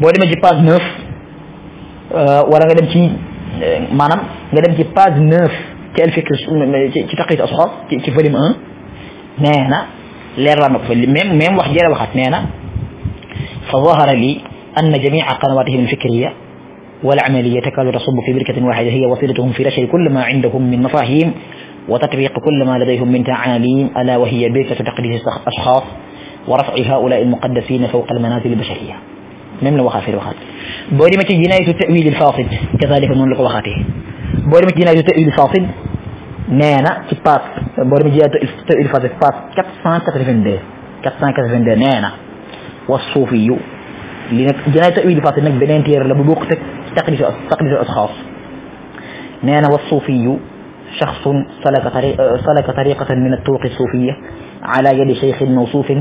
بو ديمي تي فاز 9 ا ورا غادي تي مانام غادي تي فاز 9 تي الفكر تي تقديس اصحاب تي فوليوم 1 نينا لير لامك فلي ميم ميم واخ جيره واخات نينا فظهر لي ان جميع قنواته الفكريه والعملية تكاد تصب في بركة واحدة هي وسيلتهم في نشر كل ما عندهم من مفاهيم وتطبيق كل ما لديهم من تعاليم ألا وهي بركة تقديس الأشخاص ورفع هؤلاء المقدسين فوق المنازل البشرية نمل وخافر بوري بورمة جناية التأويل الفاصد كذلك من نملك بوري بورمة جناية التأويل الفاصد نانا في بوري بورمة جناية التأويل الفاصد باس 482 482 نانا والصوفي جناية تأويل فات انك بنين تير لبوق تقلش تقلش الاشخاص ان انا والصوفي شخص سلك طريق سلك طريقة من الطرق الصوفية على يد شيخ موصوف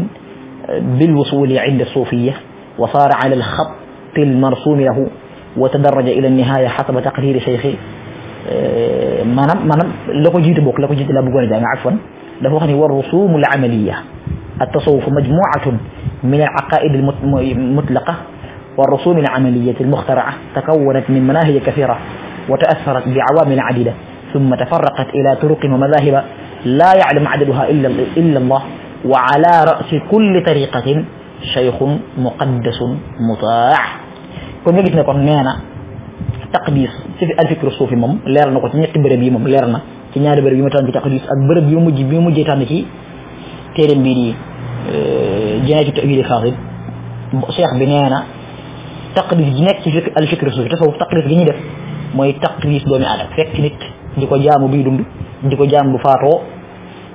بالوصول عند الصوفية وصار على الخط المرسوم له وتدرج الى النهاية حسب تقدير شيخي آه، ما نم ما نم لو جيت بوك لو جيت يعني، عفوا له هني والرسوم العملية التصوف مجموعة من العقائد المطلقة والرسوم العملية المخترعة تكونت من مناهج كثيرة وتأثرت بعوامل عديدة ثم تفرقت إلى طرق ومذاهب لا يعلم عددها إلا إلا الله وعلى رأس كل طريقة شيخ مقدس مطاع كون nga نكون نانا تقديس في الفكر الصوفي مم ليرنا suufi moom بربي مم ليرنا ci ñetti بربي مم moom leer na ci ñaari bërëb yi ma tànn تيرم بيدي آه، جناي في تأويل خاطب شيخ بنانا تقريف جناك في فكر الفكر الصوفي تفهو تقريف جنيدة ما يتقريف دومي على فك نت ديكو جامو بيدم ديكو جامو فاتو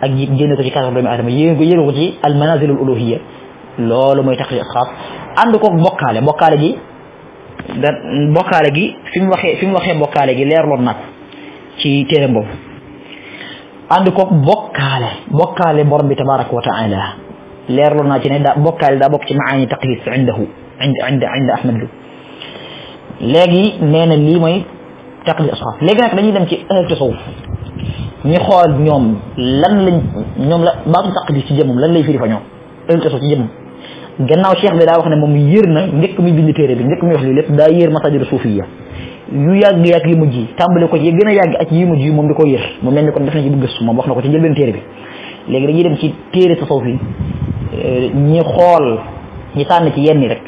أجيب جنة في كاتب دومي على ما يلغو يلغو جي المنازل الألوهية لولو ما يتقريف خاط عندكو بقالة بقالة جي بقالة جي فيم وخي فيم وخي بقالة جي لير لورنات تي تيرم بوف ànd ko bokkaale bokkaale borom bi tabaraka wa taala leerlu naa ci ne daa bokkaale daa bokk ci maani taqlis indahu ind ind ind ahmad lu léegi nee na lii mooy taqlis asxaaf léegi nag dañuy dem ci ahlu tasawuf ñu xool ñoom lan lañ ñoom la baatu taqlis ci jëmmam lan lay firi fa ñoom ahlu tasawuf ci jëmmam gannaaw cheikh bi daa wax ne moom yër na njëkk muy bind téere bi njëkk muy wax lii lépp daa yër masadiru suufiya yu yàgg yàgg yu mujj yi tàmbale ko ci gën a yàgg ak yu mujj yi moom di ko yër moom mel ni kon def na ci bu gëstu moom wax na ko ci njëlbeen téere bi léegi dem ci téere tasawuf yi euh, xool ñi tànn ci yenn rek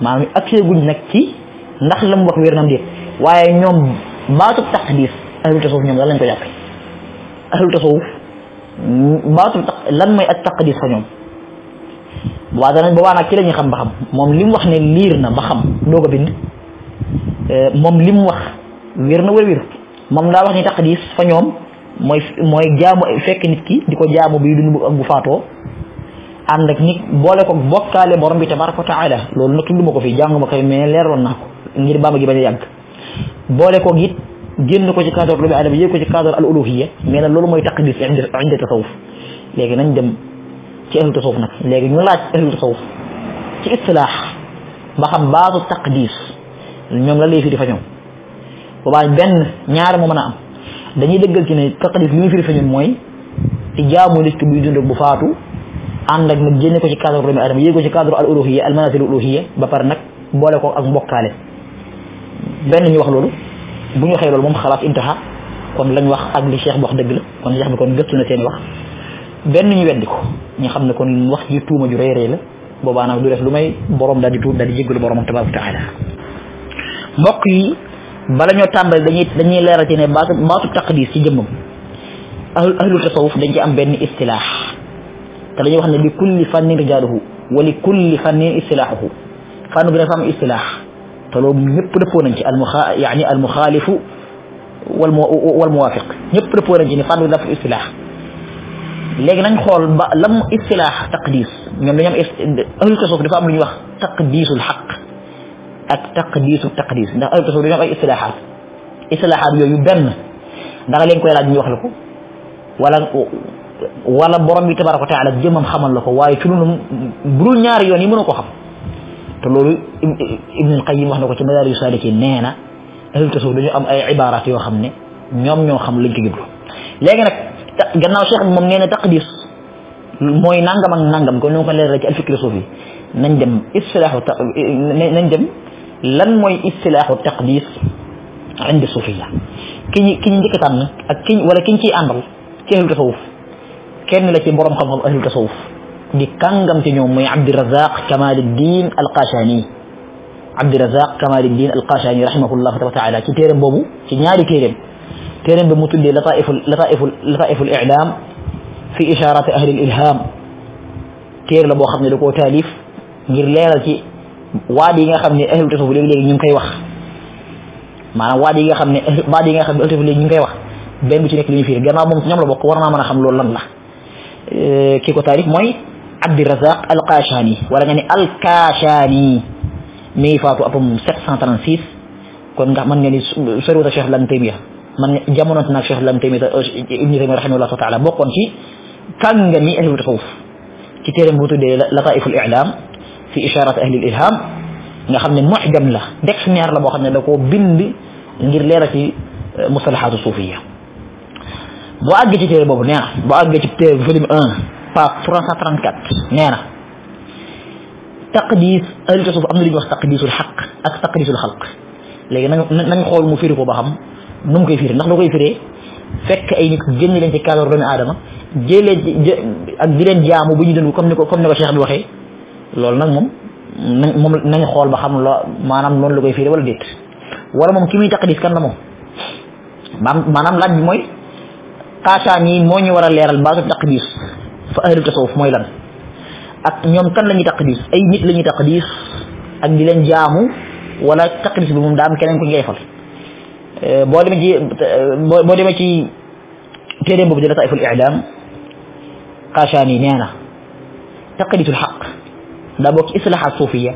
maanaam accès guñ nag ci ndax la mu wax wér na am déet waaye ñoom baatub taqdis ahlu tasawuf ñoom lan lañ ko jàppe ahlu tasawuf baatub lan mooy at taqdis fa ñoom waaw danañ boobaa ci la ñuy xam ba xam moom li mu wax ne liir na ba xam doog a bind Euh, moom li mu wax wér na wala wér moom laa wax ni taqdis fa ñoom mooy mooy jaamu fekk nit ki di ko jaamu bi dund ak bu faatoo ànd ak nit boole ko bokkaale borom bi tabaraka wa taala loolu nag tudd ma ko fii jàng ma ko mais leeroon naa ngir baama gi bañ a boole ko it génn ko ci cadre lu bi adama ko ci cadre al uluhiya mais nag loolu mooy taqdis inda tasawuf léegi nañ dem ci ahlu tasawuf nag léegi ñu laaj ahlu tasawuf ci istilaax ba xam baatu taqdis ñoom la lay firi fa ñoom boobaa benn ñaar moo mën dañuy dëggal ci ne taqdis li muy firi fa ñoom mooy ci jaamu nit ki bu faatu ànd ak nag génne ko ci cadre doomi adama yéeg ko ci cadre a uluhiya al manazil uluhiya ba pare nag boole ko ak mbokkaale benn ñu wax loolu bu ñu waxee loolu moom xalaas intaha kon lañ wax ak li cheikh wax dëgg la kon cheikh bi kon gëstu na seen wax benn ñu weddi ko ñu xam ne kon wax ji tuuma ju rëy rëy la boobaa nag du def lu may borom daal di tuub daal di jéggalu borom tabaraka taala mbokk yi bala ñoo tàmbali dañuy dañuy leeral ci ne baatu baatu taqdis ci jëmmam ahlu ahlu tasawuf dañ ci am benn istilaax te dañuy wax ne li kulli fannin rijaaluhu wa li kulli fannin istilaaxuhu fànn bu ne dafa am istilaax te loolu ñëpp dëppoo nañ ci almuxa yaani almuxaalifu wal mu wal muwaafiq ñëpp dëppoo nañ ci ne fànn bi dafa istilaax léegi nañ xool ba lam istilaax taqdis ñoom dañu am ahlu tasawuf dafa am lu ñuy wax taqdisul xaq ak taqdiisu taqdiis ndax ahlu tasawuf dañoo am ay islaaxaat islaaxaat yooyu benn da nga leen koy laaj ñu wax la ko wala wala borom bi tabaaraka wa taala jëmmam xamal la ko waaye ci loolu bu dul ñaari yoon yi mënu ko xam te loolu Ibnul Qayyim wax na ko ci Madaariju Saalikiin nee na ahlu tasawuf dañoo am ay ibaaraat yoo xam ne ñoom ñoo xam lañ ko jublu léegi nag gannaaw cheikh bi moom nee na taqdiis mooy nangam ak nangam kon ñu ko leeral ci al-fikri suufi nañ dem islaaxu nañ dem lan mooy istilaaxu taqdis indi sufiya kiñ ki ñu njëkk tànn ak kiñ wala kiñ ñu ciy àndal ci ahlu tasawuf kenn la ci borom xam-xam ahlul tasawuf di kàngam ci ñoom mooy Abdirazaq Kamaluddin Alqashani Abdirazaq Kamaluddin Alqashani rahimahullahu taala ci téeréem boobu ci ñaari téeréem téeréem bi mu tuddee lataiful lataiful lataiful i'lam fi isharati ahli al ilham téere la boo xam ne da koo taalif ngir leeral ci waad yi nga xam ne ahlu tasawuf léegi-léegi ñu ngi koy wax maanaam waad yi nga xam ne waad yi nga xam ne ahlu tasawuf léegi ñu ngi koy wax benn bu ci nekk li ñu fiir gannaaw moom ñoom la bokk war naa mën a xam loolu lan la euh, kii ko taarif mooy Abdirazaq Alkashani wala nga ne Alkashani mi faatu atum 736 kon nga mën nga ni soriwut ak Cheikh Ibn Taymiya man jamonoonte naag Cheikh Ibn Taymiya Ibn Taymiya rahimahullahu taala bokkoon ci kàngami ahlu tasawuf ci téeram bu tuddee Lataiful I'lam fi isharat ahli ilham nga xam ne mucjam la dictionnaire la boo xam ne da koo bind ngir leeral ci mustalahaatu suufiya boo àggee ci téere boobu nee na boo àggee ci téere volume un page trois cent trente quatre nee na taqdis ahli tasawuf am na lu ñuy wax taqdisul xaq ak taqdisul xalq léegi nañ nañ xool mu firi ko ba xam nu mu koy firi ndax da koy firee fekk ay nit génn leen ci cadre doomi aadama jëlee ak di leen jaamu bu ñu dund comme ni ko comme ni ko cheikh bi waxee loolu nak mom mom nañ xol ba xam lo manam non la koy firi wala dit wala mom kimi muy kan la mom manam laaj bi mooy xaasaan yi moo ñu wara leral ba baatu taqdis fa ahli tasawuf moy lan ak ñom kan lañu ñuy ay nit lañu ñuy ak di leen jaamu wala taqdis bu moom daam keneen ko ngey koy bo dem ci bo dem ci tere mbub di la taiful i'lam qashani neena nee na taqdisul xaq دابوك إصلاح الصوفية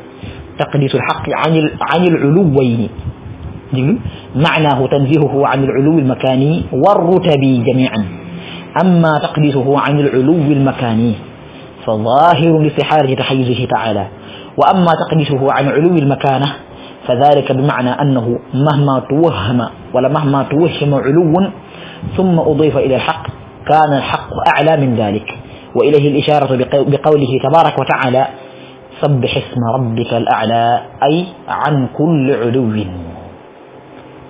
تقديس الحق عن عن العلوين معناه تنزيهه عن العلو المكاني almakani جميعا أما تقديسه عن العلو المكاني فظاهر لاستحالة تحيزه تعالى وأما تقديسه عن علو المكانة فذلك بمعنى أنه مهما توهم ولا مهما توهم علو ثم أضيف إلى الحق كان الحق أعلى من ذلك وإليه الإشارة بقوله تبارك وتعالى سبح اسم ربك الأعلى أي عن كل علو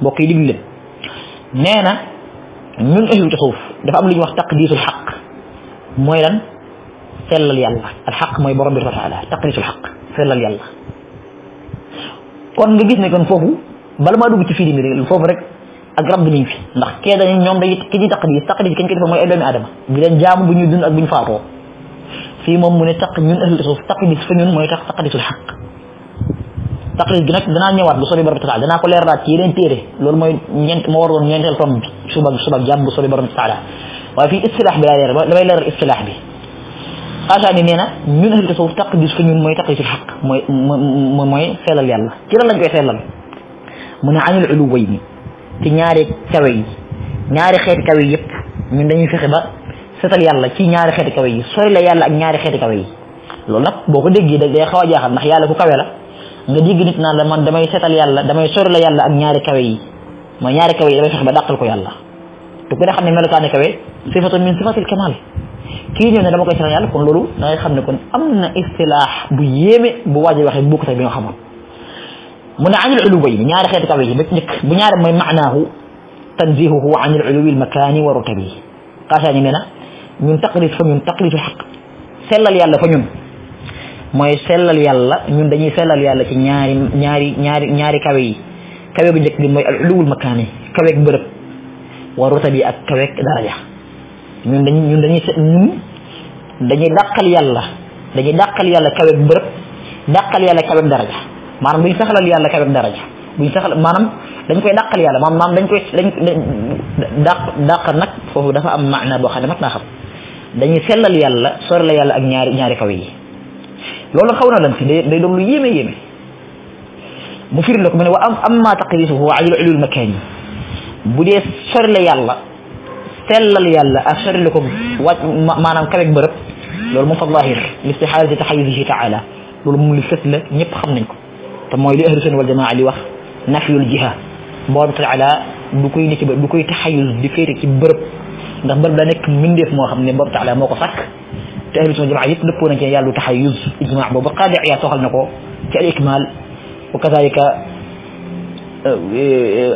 بقي دبل نانا من أهل تخوف دفع أمني وقت تقديس الحق مويلا سل لي الله الحق ما يبرم بالرفع على تقديس الحق سل لي الله كون نجيس نكون فوهو بل ما دوب تفيدي مري الفوف رك أقرب دمين في نخ كذا نيوم دايت كذي تقديس تقديس كن كذا فما يبرم آدم بلن جامو بنيو دون أبن فارو fii moom mu ne taq ñun ahlu tasawuf taqdis fa ñun mooy tax taqdisul xaq taqdis gi nag danaa ñëwaat bu soobee borom taala danaa ko leeralaat ci yeneen téere loolu mooy ñeent moo waroon ñeenteel tom bi suba suba jàmm bu soobee borom taala waaye fii istilaax bi laa leer damay leeral istilaax bi asaani nee na ñun ahlu tasawuf taqdis fa ñun mooy taqdisul xaq mooy mooy sellal yàlla ci lan lañ koy sellal mu ne anil uluway ni ci ñaari kawe yi ñaari xeeti kawe yëpp ñun dañuy fexe ba setal yàlla ci ñaari xeeti kawe yi sori la yàlla ak ñaari xeeti kawe yi loolu nag boo ko déggee da day xaw a jaaxal ndax yàlla ku kawe la nga dégg nit naan la man damay setal yàlla damay sori la yàlla ak ñaari kawe yi mooy ñaari kawe yi damay fexe ba dàqal ko yàlla te ku ne xam ne melokaani kawe sifatu min sifatil kamal kii ñëw ne dama koy setal yàlla kon loolu da ngay xam ne kon am na istilaax bu yéeme bu waaj waxe waxee bukk tax bi nga xamoon mu ne anil ulubay bi ñaari xeeti kawe yi ba ci bu ñaari mooy maanaahu tanzihuhu anil ulubi al makani wa rutabi xaasaani nee na ñun taqlit fa ñun taqlitu xaq sellal yàlla fa ñun mooy sellal yàlla ñun dañuy sellal yàlla ci ñaari ñaari ñaari ñaari kawe yi kawe bu njëkk bi mooy al uluwul makaani kaweeg bërëb wa bi ak kaweeg daraja ñun dañuy ñun dañuy ñun dañuy daqal yàlla dañuy dàqal yàlla kaweeg bërëb dàqal yàlla kaweeg daraja maanaam yàlla kaweeg daraja buñ saxal dañ koy daqal yàlla maanaam dañ koy dañ dàq dàq nag foofu dafa am maana boo xam ne mat naa xam dañuy sellal yàlla sori la yàlla ak ñaari ñaari kaw yi loolu xaw na lan si day day doon lu yéeme yéeme mu firi la ko mu ne wa am amma taqdisuhu wa ajlu ulul makaani bu dee sori la yàlla sellal yàlla ak sori la ko wàcc maanaam kawek bërëb loolu moom fa zahir listihaalati taxayusihi taala loolu moom li fës la ñëpp xam nañ ko te mooy li ahlu sunna wal jamaa li wax nafyul jiha borom taala du koy ne ci bërëb du koy taxayus di féete ci bërëb ndax bal daa nekk mbindeef moo xam ne borom taala moo ko sàkk te ahlu sunna jamaa yëpp dëppoo nañ ci yàlla taxayuz ijma boobu qaadi yaa soxal na ko ci al ikmal wa al abi kadalika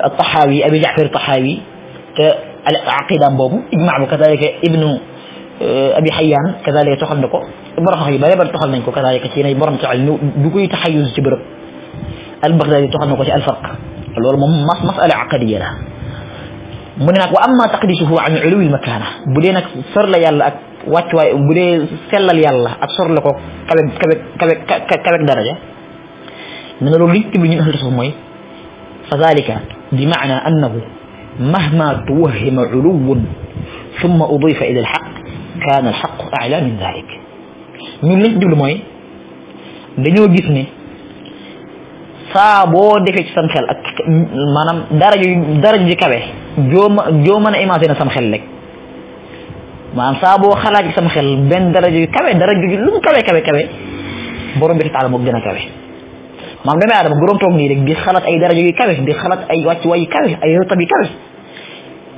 الطحاوي te al الطحاوي العقيدة ijma إجماع وكذلك ibnu abi xayaan kadalika toxal na ko borom xam yu bare bari toxal nañ ko kadalika ci nay borom toxal ñu du koy taxayus ci bërëb al baghdadi toxal na ko ci al farq loolu moom mas masala aqadiya la mu ne nag wa amma taqdisuhu an uluwi makaana bu dee nag sor la yàlla ak wàccuwaay bu dee sellal yàlla ak sor la ko kawe kawe kawe kawek daraja ne na loolu liñ tibli ñun ahlu tasawuf mooy fa dalika bi maana annahu mahma tuwahima uluwun summa udifa ila alxaq kaana alxaq ala min dalik ñun liñ tibli mooy dañoo gis ne saa boo defee ci sam xel ak maanaam daraja daraja ji kawe joo joo mën a imaginer sam xel rek maanaam saa boo xalaat ci sam xel benn daraja yu kawe daraja yu lu kawe kawe kawe borom bi taala moo gën a kawe maanaam doomu aadama toog nii rek di xalaat ay daraja yu kawe di xalaat ay wàccuwaay yu ay rëtab yu kawe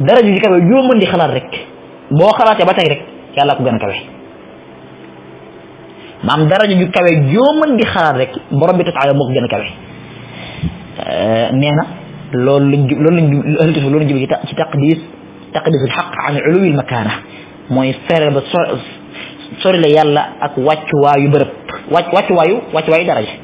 daraja yu kawe yoo di xalaat rek boo xalaatee ba tey rek yàlla ko gën a kawe maanaam daraja yu kawe yoo mën xalaat rek borom bi taala moo ko gën nee na loolu lañ jub loolu lañ jub ahlu tasawuf loolu lañ jub ci ci taqdis taqdisul xaq an uluwi l makaana mooy fexe ba so sori la yàlla ak wàccuwaayu bërëb wàcc wàccuwaayu wàccuwaayu daraja